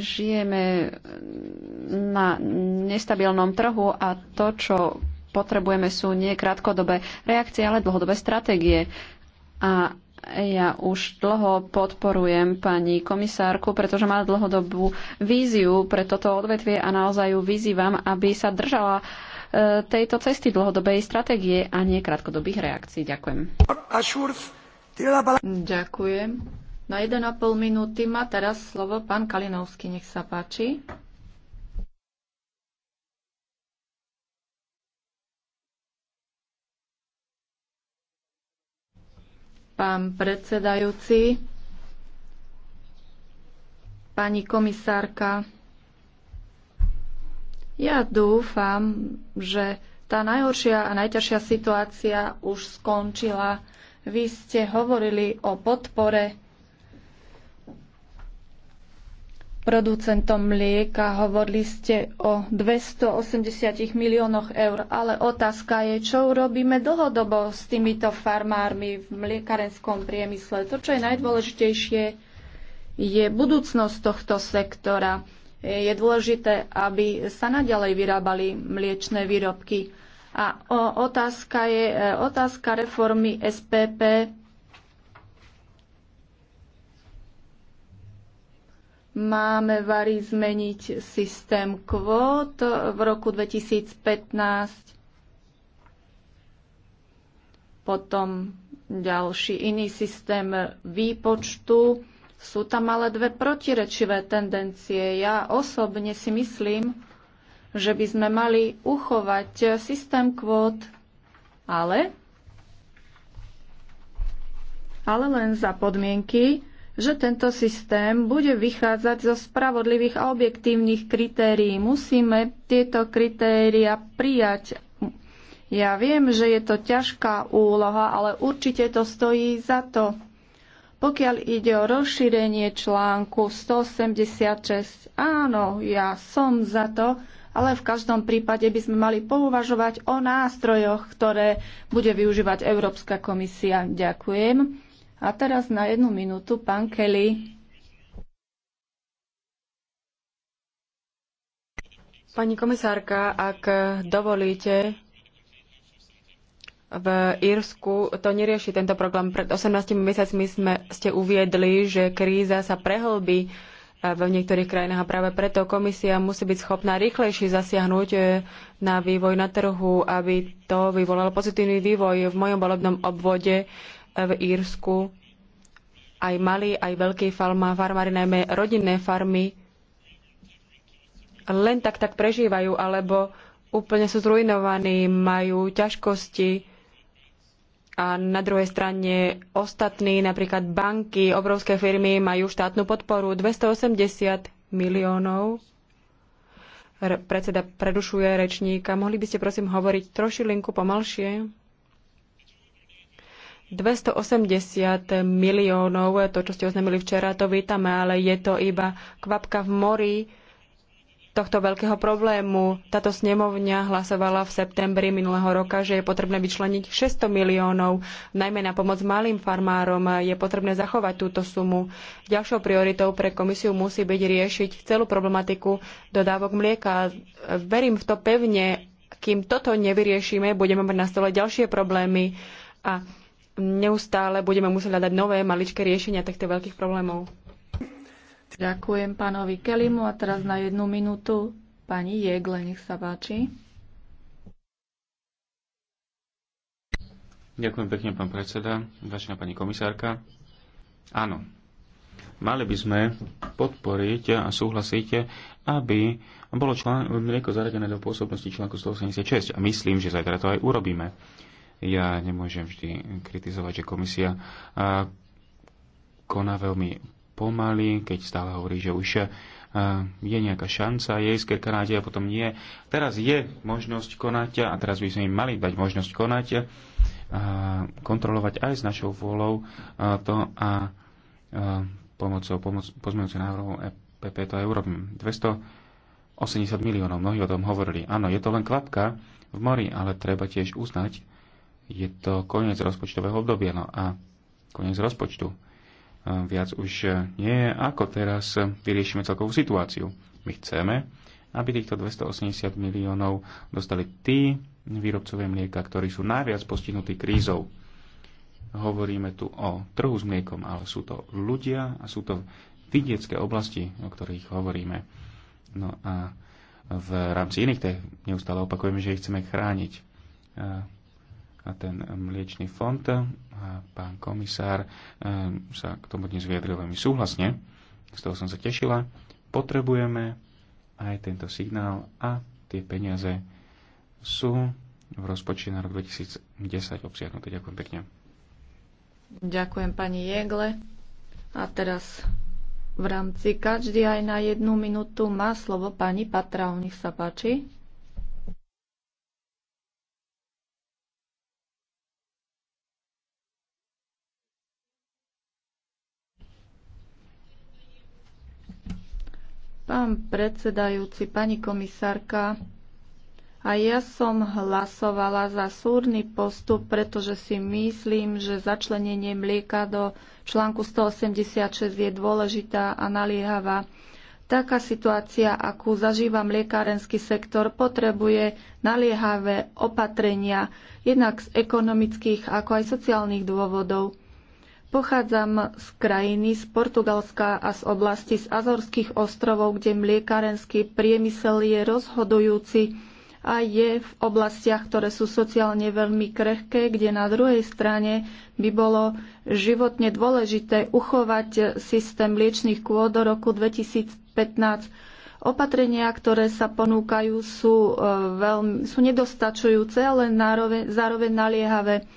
Žijeme na nestabilnom trhu a to, čo potrebujeme, sú nie krátkodobé reakcie, ale dlhodobé stratégie. A ja už dlho podporujem pani komisárku, pretože má dlhodobú víziu pre toto odvetvie a naozaj ju vyzývam, aby sa držala e, tejto cesty dlhodobej stratégie a nie krátkodobých reakcií. Ďakujem. Ďakujem. Na 1,5 minúty má teraz slovo pán Kalinovský. Nech sa páči. pán predsedajúci, pani komisárka. Ja dúfam, že tá najhoršia a najťažšia situácia už skončila. Vy ste hovorili o podpore producentom mlieka. Hovorili ste o 280 miliónoch eur, ale otázka je, čo urobíme dlhodobo s týmito farmármi v mliekarenskom priemysle. To, čo je najdôležitejšie, je budúcnosť tohto sektora. Je dôležité, aby sa naďalej vyrábali mliečne výrobky. A otázka je e, otázka reformy SPP máme varí zmeniť systém kvót v roku 2015. Potom ďalší iný systém výpočtu. Sú tam ale dve protirečivé tendencie. Ja osobne si myslím, že by sme mali uchovať systém kvót, ale, ale len za podmienky, že tento systém bude vychádzať zo spravodlivých a objektívnych kritérií. Musíme tieto kritéria prijať. Ja viem, že je to ťažká úloha, ale určite to stojí za to. Pokiaľ ide o rozšírenie článku 186, áno, ja som za to, ale v každom prípade by sme mali pouvažovať o nástrojoch, ktoré bude využívať Európska komisia. Ďakujem. A teraz na jednu minútu pán Kelly. Pani komisárka, ak dovolíte, v Írsku to nerieši tento problém. Pred 18 mesiacmi sme, ste uviedli, že kríza sa prehlbí eh, v niektorých krajinách a práve preto komisia musí byť schopná rýchlejšie zasiahnuť eh, na vývoj na trhu, aby to vyvolalo pozitívny vývoj. V mojom volebnom obvode v Írsku aj malí, aj veľkí farma, farmári, najmä rodinné farmy, len tak tak prežívajú, alebo úplne sú zrujnovaní, majú ťažkosti a na druhej strane ostatní, napríklad banky, obrovské firmy majú štátnu podporu 280 miliónov. Predseda predušuje rečníka. Mohli by ste prosím hovoriť trošilinku pomalšie? 280 miliónov, to, čo ste oznámili včera, to vítame, ale je to iba kvapka v mori tohto veľkého problému. Táto snemovňa hlasovala v septembri minulého roka, že je potrebné vyčleniť 600 miliónov, najmä na pomoc malým farmárom. Je potrebné zachovať túto sumu. Ďalšou prioritou pre komisiu musí byť riešiť celú problematiku dodávok mlieka. Verím v to pevne, kým toto nevyriešime, budeme mať na stole ďalšie problémy. A neustále budeme musieť hľadať nové maličké riešenia týchto veľkých problémov. Ďakujem pánovi Kelimu a teraz na jednu minútu pani Jegle, nech sa páči. Ďakujem pekne, pán predseda, vážená pani komisárka. Áno, mali by sme podporiť a súhlasiť, aby bolo mlieko zaradené do pôsobnosti článku 186 a myslím, že zajtra to aj urobíme. Ja nemôžem vždy kritizovať, že komisia koná veľmi pomaly, keď stále hovorí, že už je nejaká šanca, je ísť Kanáde a potom nie. Teraz je možnosť konať a teraz by sme im mali dať možnosť konať, a kontrolovať aj s našou vôľou to a pomocou pomoc, pozmeňujúceho návrhu EPP to aj urobím. 280 miliónov, mnohí o tom hovorili. Áno, je to len kvapka v mori, ale treba tiež uznať, je to koniec rozpočtového obdobia. No a koniec rozpočtu. Viac už nie je, ako teraz vyriešime celkovú situáciu. My chceme, aby týchto 280 miliónov dostali tí výrobcovia mlieka, ktorí sú najviac postihnutí krízou. Hovoríme tu o trhu s mliekom, ale sú to ľudia a sú to vidiecké oblasti, o ktorých hovoríme. No a v rámci iných neustále opakujeme, že ich chceme chrániť ten mliečný fond. A pán komisár e, sa k tomu dnes vyjadril veľmi súhlasne. Z toho som sa tešila. Potrebujeme aj tento signál a tie peniaze sú v rozpočte na rok 2010 obsiahnuté. Ďakujem pekne. Ďakujem pani Jegle. A teraz v rámci každý aj na jednu minútu má slovo pani Patra, nech sa páči. Pán predsedajúci, pani komisárka, a ja som hlasovala za súrny postup, pretože si myslím, že začlenenie mlieka do článku 186 je dôležitá a naliehavá. Taká situácia, akú zažíva mliekárenský sektor, potrebuje naliehavé opatrenia, jednak z ekonomických ako aj sociálnych dôvodov. Pochádzam z krajiny, z Portugalska a z oblasti z Azorských ostrovov, kde mliekarenský priemysel je rozhodujúci a je v oblastiach, ktoré sú sociálne veľmi krehké, kde na druhej strane by bolo životne dôležité uchovať systém mliečných kôd do roku 2015. Opatrenia, ktoré sa ponúkajú, sú, e, veľmi, sú nedostačujúce, ale zároveň naliehavé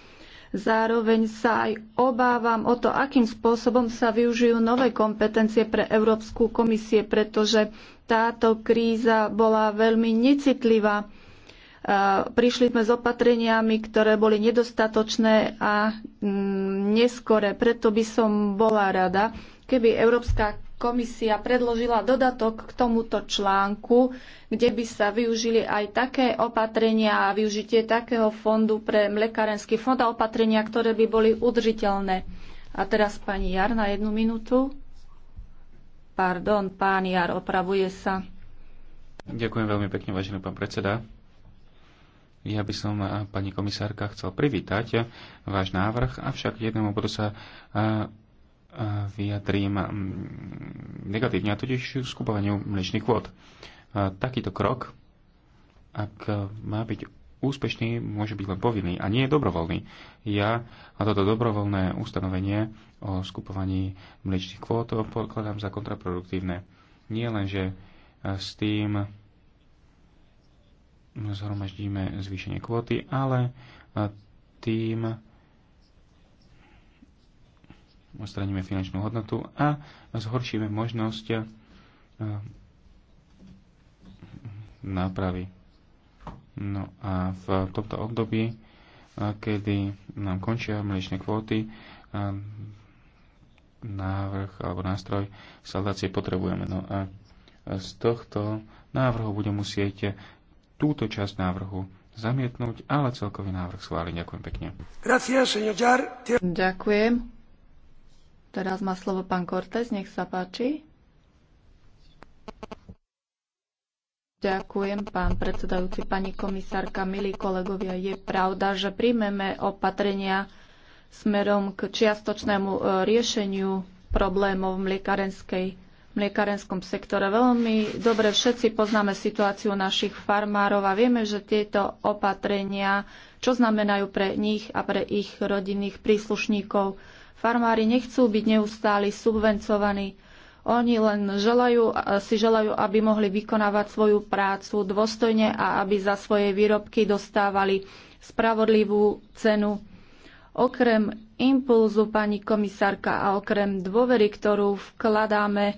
Zároveň sa aj obávam o to, akým spôsobom sa využijú nové kompetencie pre Európsku komisie, pretože táto kríza bola veľmi necitlivá. Prišli sme s opatreniami, ktoré boli nedostatočné a mm, neskore. Preto by som bola rada, keby Európska komisia predložila dodatok k tomuto článku, kde by sa využili aj také opatrenia a využitie takého fondu pre mlekárenský fond a opatrenia, ktoré by boli udržiteľné. A teraz pani Jar na jednu minútu. Pardon, pán Jar, opravuje sa. Ďakujem veľmi pekne, vážený pán predseda. Ja by som, pani komisárka, chcel privítať váš návrh, avšak jednému bodu sa vyjadrím mm, negatívne, a totiž k skupovaniu mliečných kvót. E, takýto krok, ak má byť úspešný, môže byť len povinný a nie je dobrovoľný. Ja a toto dobrovoľné ustanovenie o skupovaní mliečných kvót pokladám za kontraproduktívne. Nie len, že s tým zhromaždíme zvýšenie kvóty, ale tým odstraníme finančnú hodnotu a zhoršíme možnosť eh, nápravy. No a v tomto období, eh, kedy nám končia mliečne kvóty, eh, návrh alebo nástroj saldácie potrebujeme. No a z tohto návrhu budem musieť túto časť návrhu zamietnúť, ale celkový návrh schváliť. Ďakujem pekne. Ďakujem. Teraz má slovo pán Cortez, nech sa páči. Ďakujem, pán predsedajúci, pani komisárka, milí kolegovia. Je pravda, že príjmeme opatrenia smerom k čiastočnému e, riešeniu problémov v mliekarenskej mliekarenskom sektore. Veľmi dobre všetci poznáme situáciu našich farmárov a vieme, že tieto opatrenia, čo znamenajú pre nich a pre ich rodinných príslušníkov, Farmári nechcú byť neustáli subvencovaní. Oni len želajú, si želajú, aby mohli vykonávať svoju prácu dôstojne a aby za svoje výrobky dostávali spravodlivú cenu. Okrem impulzu, pani komisárka, a okrem dôvery, ktorú vkladáme e,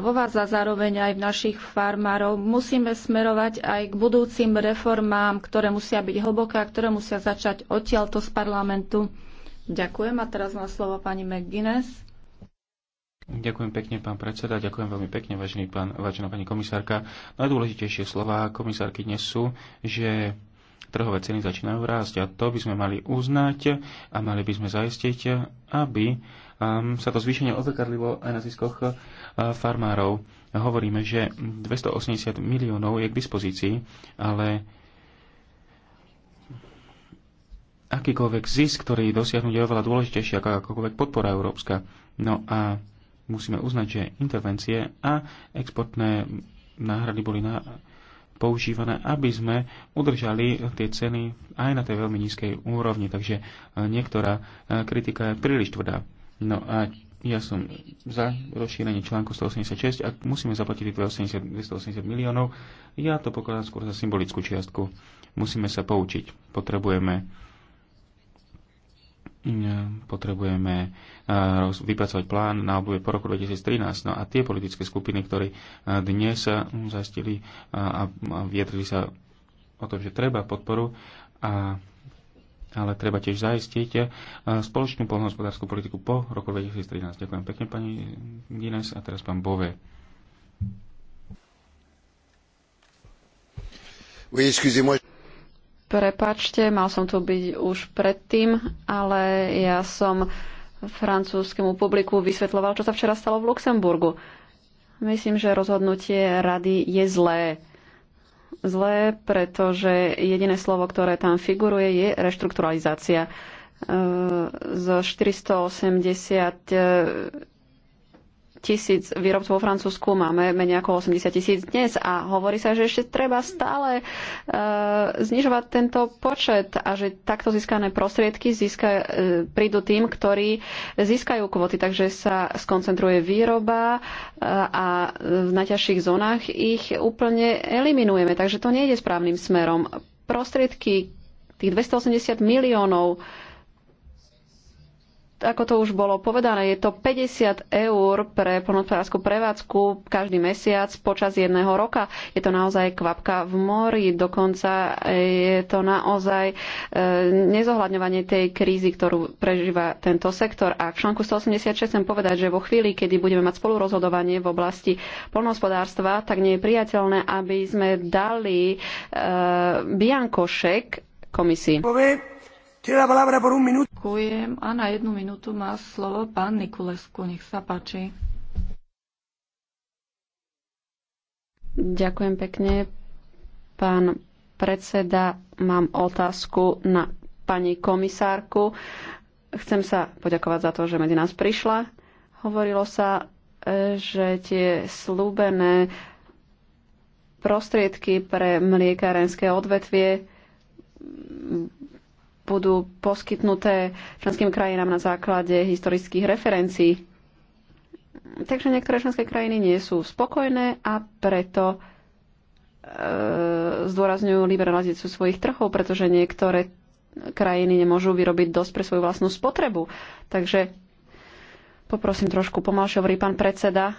vo vás a zároveň aj v našich farmárov, musíme smerovať aj k budúcim reformám, ktoré musia byť hlboké a ktoré musia začať odtiaľto z parlamentu. Ďakujem a teraz má slovo pani McGuinness. Ďakujem pekne, pán predseda, ďakujem veľmi pekne, vážený pán, vážená pani komisárka. Najdôležitejšie slova komisárky dnes sú, že trhové ceny začínajú rásť a to by sme mali uznať a mali by sme zaistiť, aby um, sa to zvýšenie odzrkadlilo aj na ziskoch uh, farmárov. Hovoríme, že 280 miliónov je k dispozícii, ale akýkoľvek zisk, ktorý dosiahnuť je oveľa dôležitejší ako akákoľvek podpora európska. No a musíme uznať, že intervencie a exportné náhrady boli na, používané, aby sme udržali tie ceny aj na tej veľmi nízkej úrovni. Takže e, niektorá e, kritika je príliš tvrdá. No a ja som za rozšírenie článku 186 a musíme zaplatiť 280, 280 miliónov. Ja to pokladám skôr za symbolickú čiastku. Musíme sa poučiť. Potrebujeme potrebujeme eh, vypracovať plán na obdobie po roku 2013. No a tie politické skupiny, ktorí eh, dnes sa eh, zastili a viedli sa o tom, že treba podporu, a, ale treba tiež zaistiť spoločnú polnohospodárskú politiku po roku 2013. Ďakujem pekne, pani Gines, A teraz pán Bove. Oui, excusez-moi. Prepačte, mal som tu byť už predtým, ale ja som francúzskému publiku vysvetloval, čo sa včera stalo v Luxemburgu. Myslím, že rozhodnutie rady je zlé. Zlé, pretože jediné slovo, ktoré tam figuruje, je reštrukturalizácia. E, Z 480 e, tisíc výrobcov vo Francúzsku, máme menej ako 80 tisíc dnes a hovorí sa, že ešte treba stále e, znižovať tento počet a že takto získané prostriedky získa, e, prídu tým, ktorí získajú kvoty, takže sa skoncentruje výroba e, a v najťažších zónach ich úplne eliminujeme, takže to nejde správnym smerom. Prostriedky tých 280 miliónov ako to už bolo povedané, je to 50 eur pre plnospodárskú prevádzku každý mesiac počas jedného roka. Je to naozaj kvapka v mori, dokonca je to naozaj e, nezohľadňovanie tej krízy, ktorú prežíva tento sektor. A v článku 186 chcem povedať, že vo chvíli, kedy budeme mať spolurozhodovanie v oblasti plnohospodárstva, tak nie je priateľné, aby sme dali e, biankošek komisii. Ďakujem a na jednu minútu má slovo pán Nikulesku. Nech sa páči. Ďakujem pekne. Pán predseda, mám otázku na pani komisárku. Chcem sa poďakovať za to, že medzi nás prišla. Hovorilo sa, e, že tie slúbené prostriedky pre mliekárenské odvetvie budú poskytnuté členským krajinám na základe historických referencií. Takže niektoré členské krajiny nie sú spokojné a preto e, zdôrazňujú liberalizáciu svojich trhov, pretože niektoré krajiny nemôžu vyrobiť dosť pre svoju vlastnú spotrebu. Takže poprosím trošku pomalšie, hovorí pán predseda.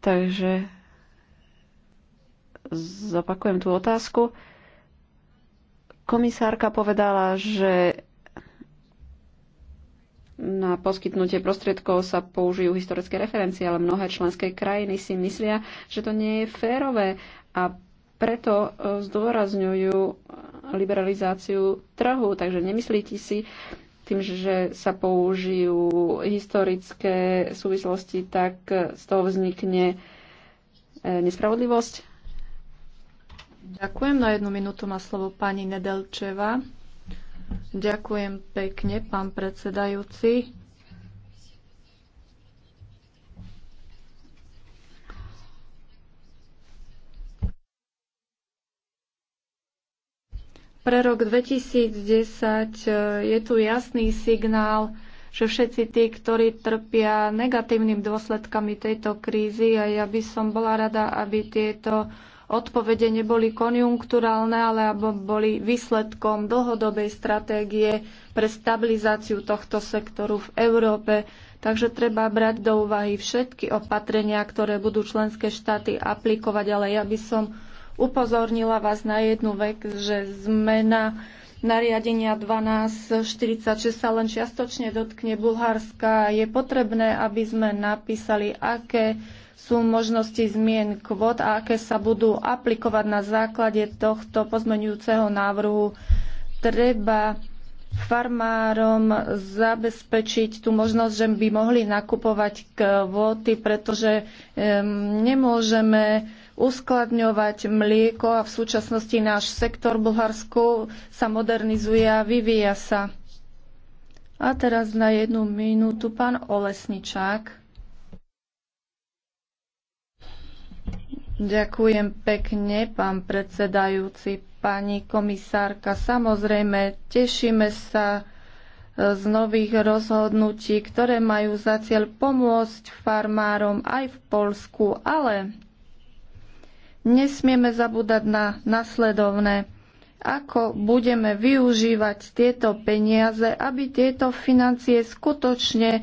Takže zopakujem tú otázku. Komisárka povedala, že na poskytnutie prostriedkov sa použijú historické referencie, ale mnohé členské krajiny si myslia, že to nie je férové a preto e, zdôrazňujú liberalizáciu trhu. Takže nemyslíte si tým, že sa použijú historické súvislosti, tak z toho vznikne e, nespravodlivosť? Ďakujem. Na jednu minútu má slovo pani Nedelčeva. Ďakujem pekne, pán predsedajúci. Pre rok 2010 e, je tu jasný signál, že všetci tí, ktorí trpia negatívnym dôsledkami tejto krízy, a ja by som bola rada, aby tieto odpovede neboli konjunkturálne, ale boli výsledkom dlhodobej stratégie pre stabilizáciu tohto sektoru v Európe. Takže treba brať do úvahy všetky opatrenia, ktoré budú členské štáty aplikovať, ale ja by som upozornila vás na jednu vec, že zmena nariadenia 1246 sa len čiastočne dotkne Bulharska. Je potrebné, aby sme napísali, aké sú možnosti zmien kvot a aké sa budú aplikovať na základe tohto pozmeňujúceho návrhu. Treba farmárom zabezpečiť tú možnosť, že by mohli nakupovať kvóty, pretože nemôžeme uskladňovať mlieko a v súčasnosti náš sektor v Bulharsku sa modernizuje a vyvíja sa. A teraz na jednu minútu pán Olesničák. Ďakujem pekne, pán predsedajúci, pani komisárka. Samozrejme, tešíme sa e, z nových rozhodnutí, ktoré majú za cieľ pomôcť farmárom aj v Polsku, ale nesmieme zabúdať na nasledovné, ako budeme využívať tieto peniaze, aby tieto financie skutočne e,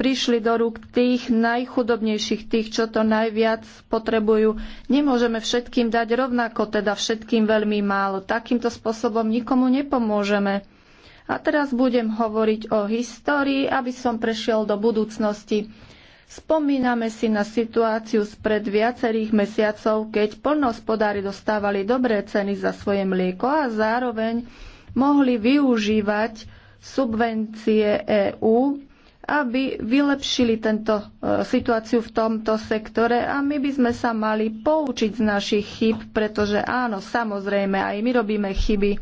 prišli do rúk tých najchudobnejších, tých, čo to najviac potrebujú. Nemôžeme všetkým dať rovnako, teda všetkým veľmi málo. Takýmto spôsobom nikomu nepomôžeme. A teraz budem hovoriť o histórii, aby som prešiel do budúcnosti. Spomíname si na situáciu spred viacerých mesiacov, keď plnohospodári dostávali dobré ceny za svoje mlieko a zároveň mohli využívať subvencie EÚ aby vylepšili tento e, situáciu v tomto sektore a my by sme sa mali poučiť z našich chyb, pretože áno, samozrejme, aj my robíme chyby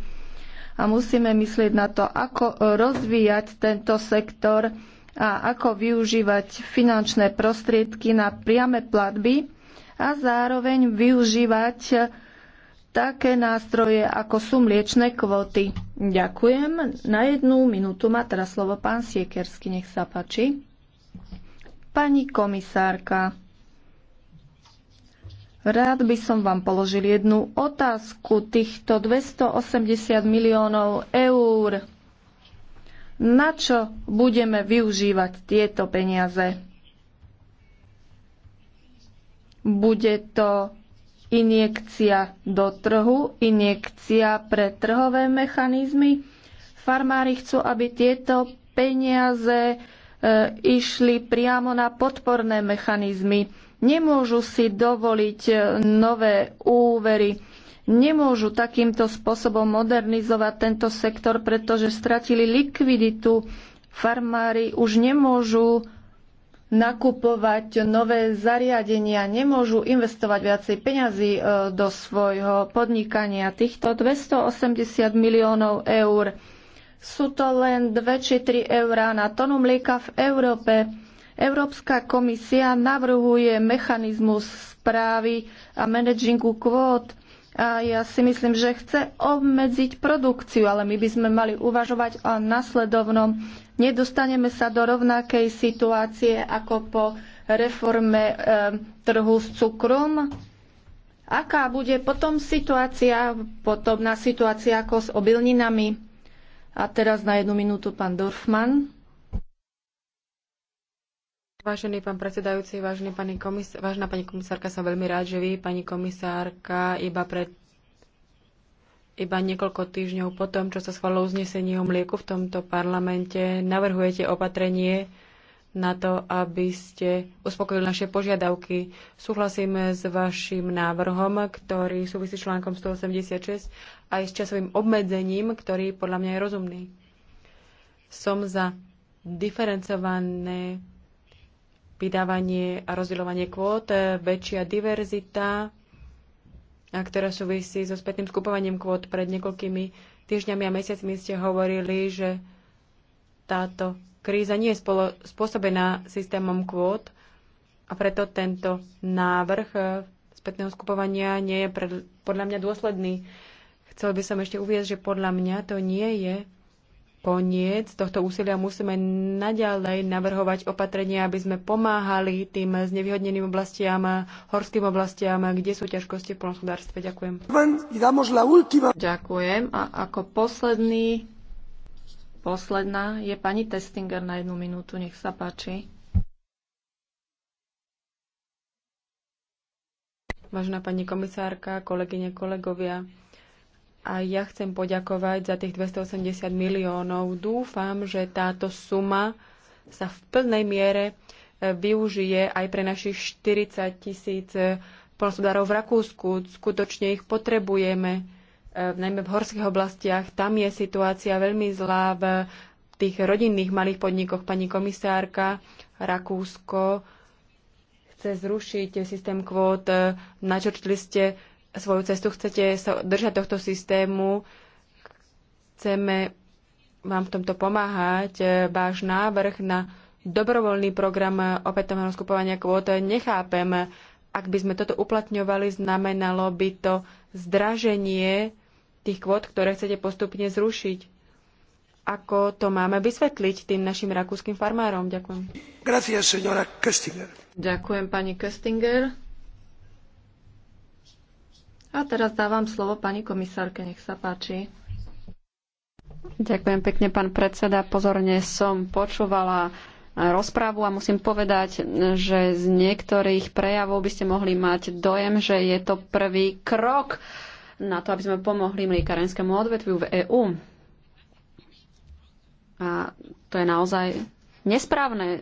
a musíme myslieť na to, ako rozvíjať tento sektor a ako využívať finančné prostriedky na priame platby a zároveň využívať také nástroje, ako sú mliečne kvóty. Ďakujem. Na jednu minútu má teraz slovo pán Siekersky, nech sa páči. Pani komisárka, rád by som vám položil jednu otázku. Týchto 280 miliónov eur, na čo budeme využívať tieto peniaze? Bude to injekcia do trhu, injekcia pre trhové mechanizmy. Farmári chcú, aby tieto peniaze e, išli priamo na podporné mechanizmy. Nemôžu si dovoliť e, nové úvery. Nemôžu takýmto spôsobom modernizovať tento sektor, pretože stratili likviditu. Farmári už nemôžu nakupovať nové zariadenia, nemôžu investovať viacej peňazí e, do svojho podnikania. Týchto 280 miliónov eur sú to len 2 či 3 eurá na tonu mlieka v Európe. Európska komisia navrhuje mechanizmus správy a managingu kvót a ja si myslím, že chce obmedziť produkciu, ale my by sme mali uvažovať o nasledovnom. Nedostaneme sa do rovnakej situácie ako po reforme e, trhu s cukrom. Aká bude potom situácia, podobná situácia ako s obilninami? A teraz na jednu minútu pán Dorfman. Vážený pán predsedajúci, vážený pani komis- vážená pani komisárka, som veľmi rád, že vy, pani komisárka, iba pred iba niekoľko týždňov po tom, čo sa schválilo uznesenie o mlieku v tomto parlamente, navrhujete opatrenie na to, aby ste uspokojili naše požiadavky. Súhlasíme s vašim návrhom, ktorý súvisí s článkom 186 aj s časovým obmedzením, ktorý podľa mňa je rozumný. Som za diferencované vydávanie a rozdielovanie kvót, väčšia diverzita, a ktorá súvisí so spätným skupovaním kvót. Pred niekoľkými týždňami a mesiacmi ste hovorili, že táto kríza nie je spolo- spôsobená systémom kvót a preto tento návrh spätného skupovania nie je pred, podľa mňa dôsledný. Chcel by som ešte uvieť, že podľa mňa to nie je Koniec tohto úsilia musíme naďalej navrhovať opatrenia, aby sme pomáhali tým znevýhodneným oblastiam, horským oblastiam, kde sú ťažkosti v polnospodárstve. Ďakujem. Ďakujem. A ako posledný, posledná je pani Testinger na jednu minútu. Nech sa páči. Vážená pani komisárka, kolegyne, kolegovia, a ja chcem poďakovať za tých 280 miliónov. Dúfam, že táto suma sa v plnej miere e, využije aj pre našich 40 tisíc e, polnospodárov v Rakúsku. Skutočne ich potrebujeme, e, najmä v horských oblastiach. Tam je situácia veľmi zlá v tých rodinných malých podnikoch. Pani komisárka, Rakúsko chce zrušiť systém kvót. Načrtli ste svoju cestu, chcete sa držať tohto systému, chceme vám v tomto pomáhať. E, váš návrh na dobrovoľný program opätovného skupovania kvót nechápem. Ak by sme toto uplatňovali, znamenalo by to zdraženie tých kvót, ktoré chcete postupne zrušiť. Ako to máme vysvetliť tým našim rakúskym farmárom? Ďakujem. Gracias, Ďakujem, pani Köstinger. A teraz dávam slovo pani komisárke, nech sa páči. Ďakujem pekne, pán predseda. Pozorne som počúvala rozprávu a musím povedať, že z niektorých prejavov by ste mohli mať dojem, že je to prvý krok na to, aby sme pomohli mliekárenskému odvetviu v EÚ. A to je naozaj nesprávne.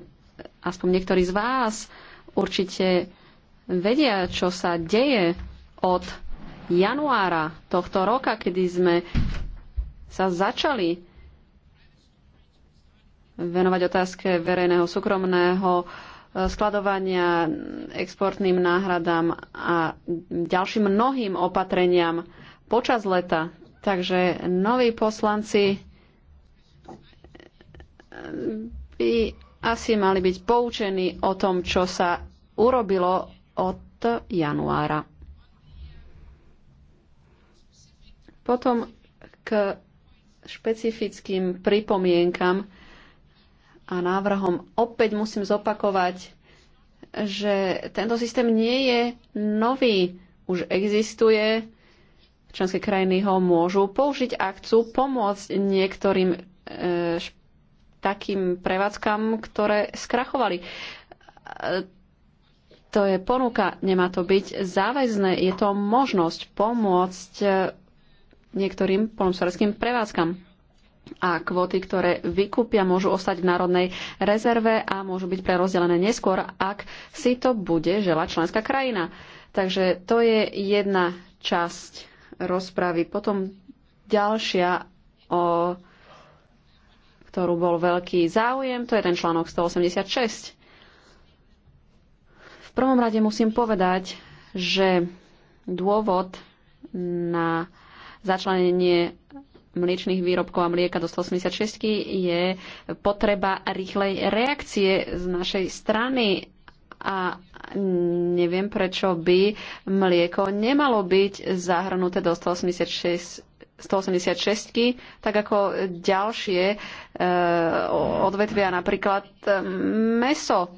Aspoň niektorí z vás určite vedia, čo sa deje od januára tohto roka, kedy sme sa začali venovať otázke verejného, súkromného e, skladovania, exportným náhradám a ďalším mnohým opatreniam počas leta. Takže noví poslanci by asi mali byť poučení o tom, čo sa urobilo od januára. Potom k špecifickým pripomienkam a návrhom opäť musím zopakovať, že tento systém nie je nový, už existuje. Členské krajiny ho môžu použiť a chcú pomôcť niektorým e, takým prevádzkam, ktoré skrachovali. E, to je ponuka, nemá to byť záväzné, je to možnosť pomôcť e, niektorým polnospodárským prevádzkam. A kvóty, ktoré vykúpia, môžu ostať v národnej rezerve a môžu byť prerozdelené neskôr, ak si to bude želať členská krajina. Takže to je jedna časť rozpravy. Potom ďalšia, o ktorú bol veľký záujem, to je ten článok 186. V prvom rade musím povedať, že dôvod na začlenenie mliečných výrobkov a mlieka do 186 je potreba rýchlej reakcie z našej strany a neviem, prečo by mlieko nemalo byť zahrnuté do 186 186, tak ako ďalšie e, odvetvia, napríklad e, meso.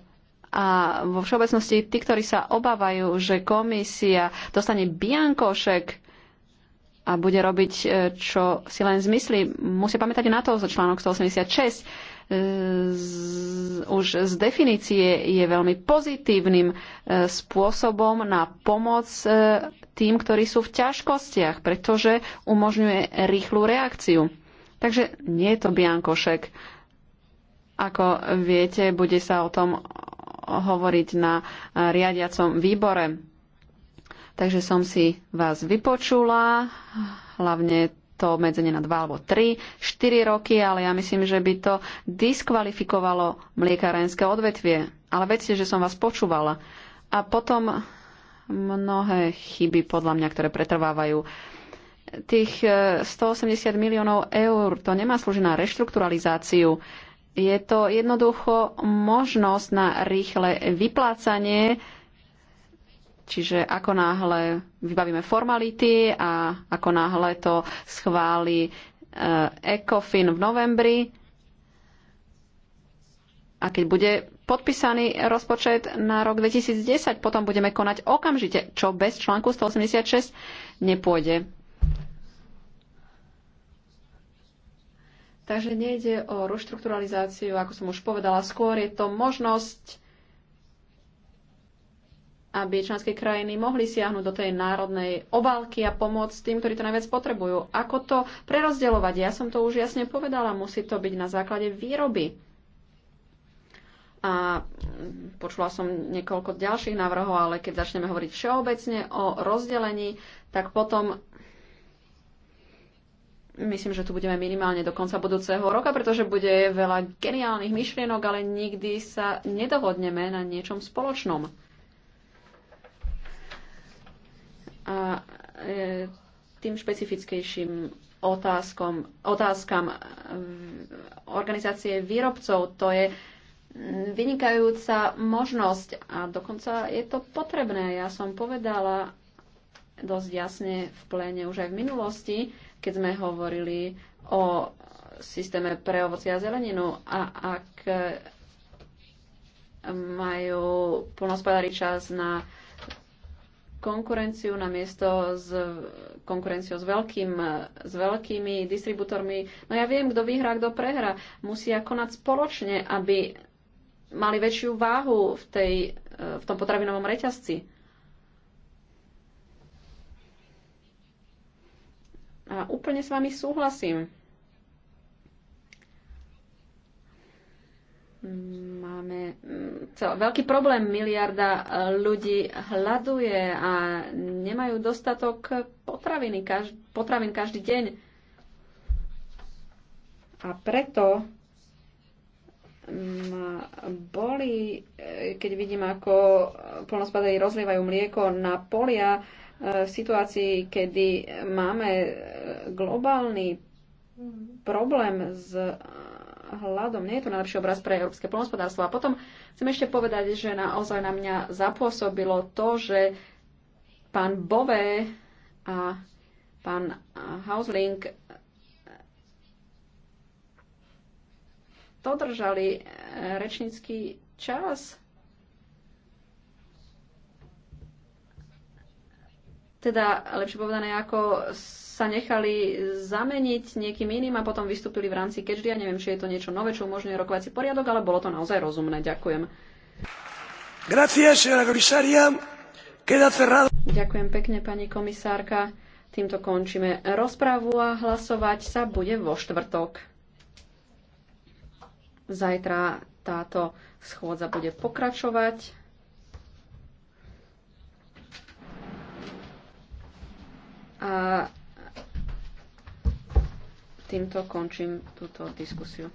A vo všeobecnosti tí, ktorí sa obávajú, že komisia dostane biankošek a bude robiť, e, čo si len zmyslí. Musí pamätať na to, že článok 186 e, z, už z definície je veľmi pozitívnym e, spôsobom na pomoc tým, ktorí sú v ťažkostiach, pretože umožňuje rýchlu reakciu. Takže nie je to biankošek. Ako viete, bude sa o tom hovoriť na riadiacom výbore. Takže som si vás vypočula, hlavne to medzenie na 2 alebo 3, 4 roky, ale ja myslím, že by to diskvalifikovalo mliekarenské odvetvie. Ale vedzte, že som vás počúvala. A potom mnohé chyby, podľa mňa, ktoré pretrvávajú. Tých 180 e, miliónov eur, to nemá slúžiť na reštrukturalizáciu. Je to jednoducho možnosť na rýchle vyplácanie Čiže ako náhle vybavíme formality a ako náhle to schváli e, ECOFIN v novembri a keď bude podpísaný rozpočet na rok 2010, potom budeme konať okamžite, čo bez článku 186 nepôjde. Takže nejde o reštrukturalizáciu, ako som už povedala, skôr je to možnosť aby členské krajiny mohli siahnuť do tej národnej obálky a pomôcť tým, ktorí to najviac potrebujú. Ako to prerozdeľovať? Ja som to už jasne povedala, musí to byť na základe výroby. A počula som niekoľko ďalších návrhov, ale keď začneme hovoriť všeobecne o rozdelení, tak potom myslím, že tu budeme minimálne do konca budúceho roka, pretože bude veľa geniálnych myšlienok, ale nikdy sa nedohodneme na niečom spoločnom. a e, tým špecifickejším otázkom, otázkam e, organizácie výrobcov. To je vynikajúca možnosť a dokonca je to potrebné. Ja som povedala dosť jasne v pléne už aj v minulosti, keď sme hovorili o systéme pre ovoci a zeleninu a ak majú plnospodári čas na konkurenciu na miesto s konkurenciou s, veľkým, s veľkými distribútormi. No ja viem, kto vyhrá, kto prehra. Musia konať spoločne, aby mali väčšiu váhu v, tej, v tom potravinovom reťazci. A úplne s vami súhlasím. Hmm. Máme mm, celý, veľký problém. Miliarda e, ľudí hľaduje a nemajú dostatok potraviny, kaž, potravín každý deň. A preto mm, boli, e, keď vidím, ako plnospodári rozlievajú mlieko na polia, e, v situácii, kedy máme globálny mhm. problém s hľadom. Nie je to najlepší obraz pre európske polnospodárstvo. A potom chcem ešte povedať, že naozaj na mňa zapôsobilo to, že pán Bové a pán Hausling držali eh, rečnícky čas teda lepšie povedané, ako sa nechali zameniť niekým iným a potom vystúpili v rámci Kečdy. Ja neviem, či je to niečo nové, čo umožňuje rokovací poriadok, ale bolo to naozaj rozumné. Ďakujem. Ďakujem pekne, pani komisárka. Týmto končíme rozprávu a hlasovať sa bude vo štvrtok. Zajtra táto schôdza bude pokračovať. A týmto končím túto diskusiu.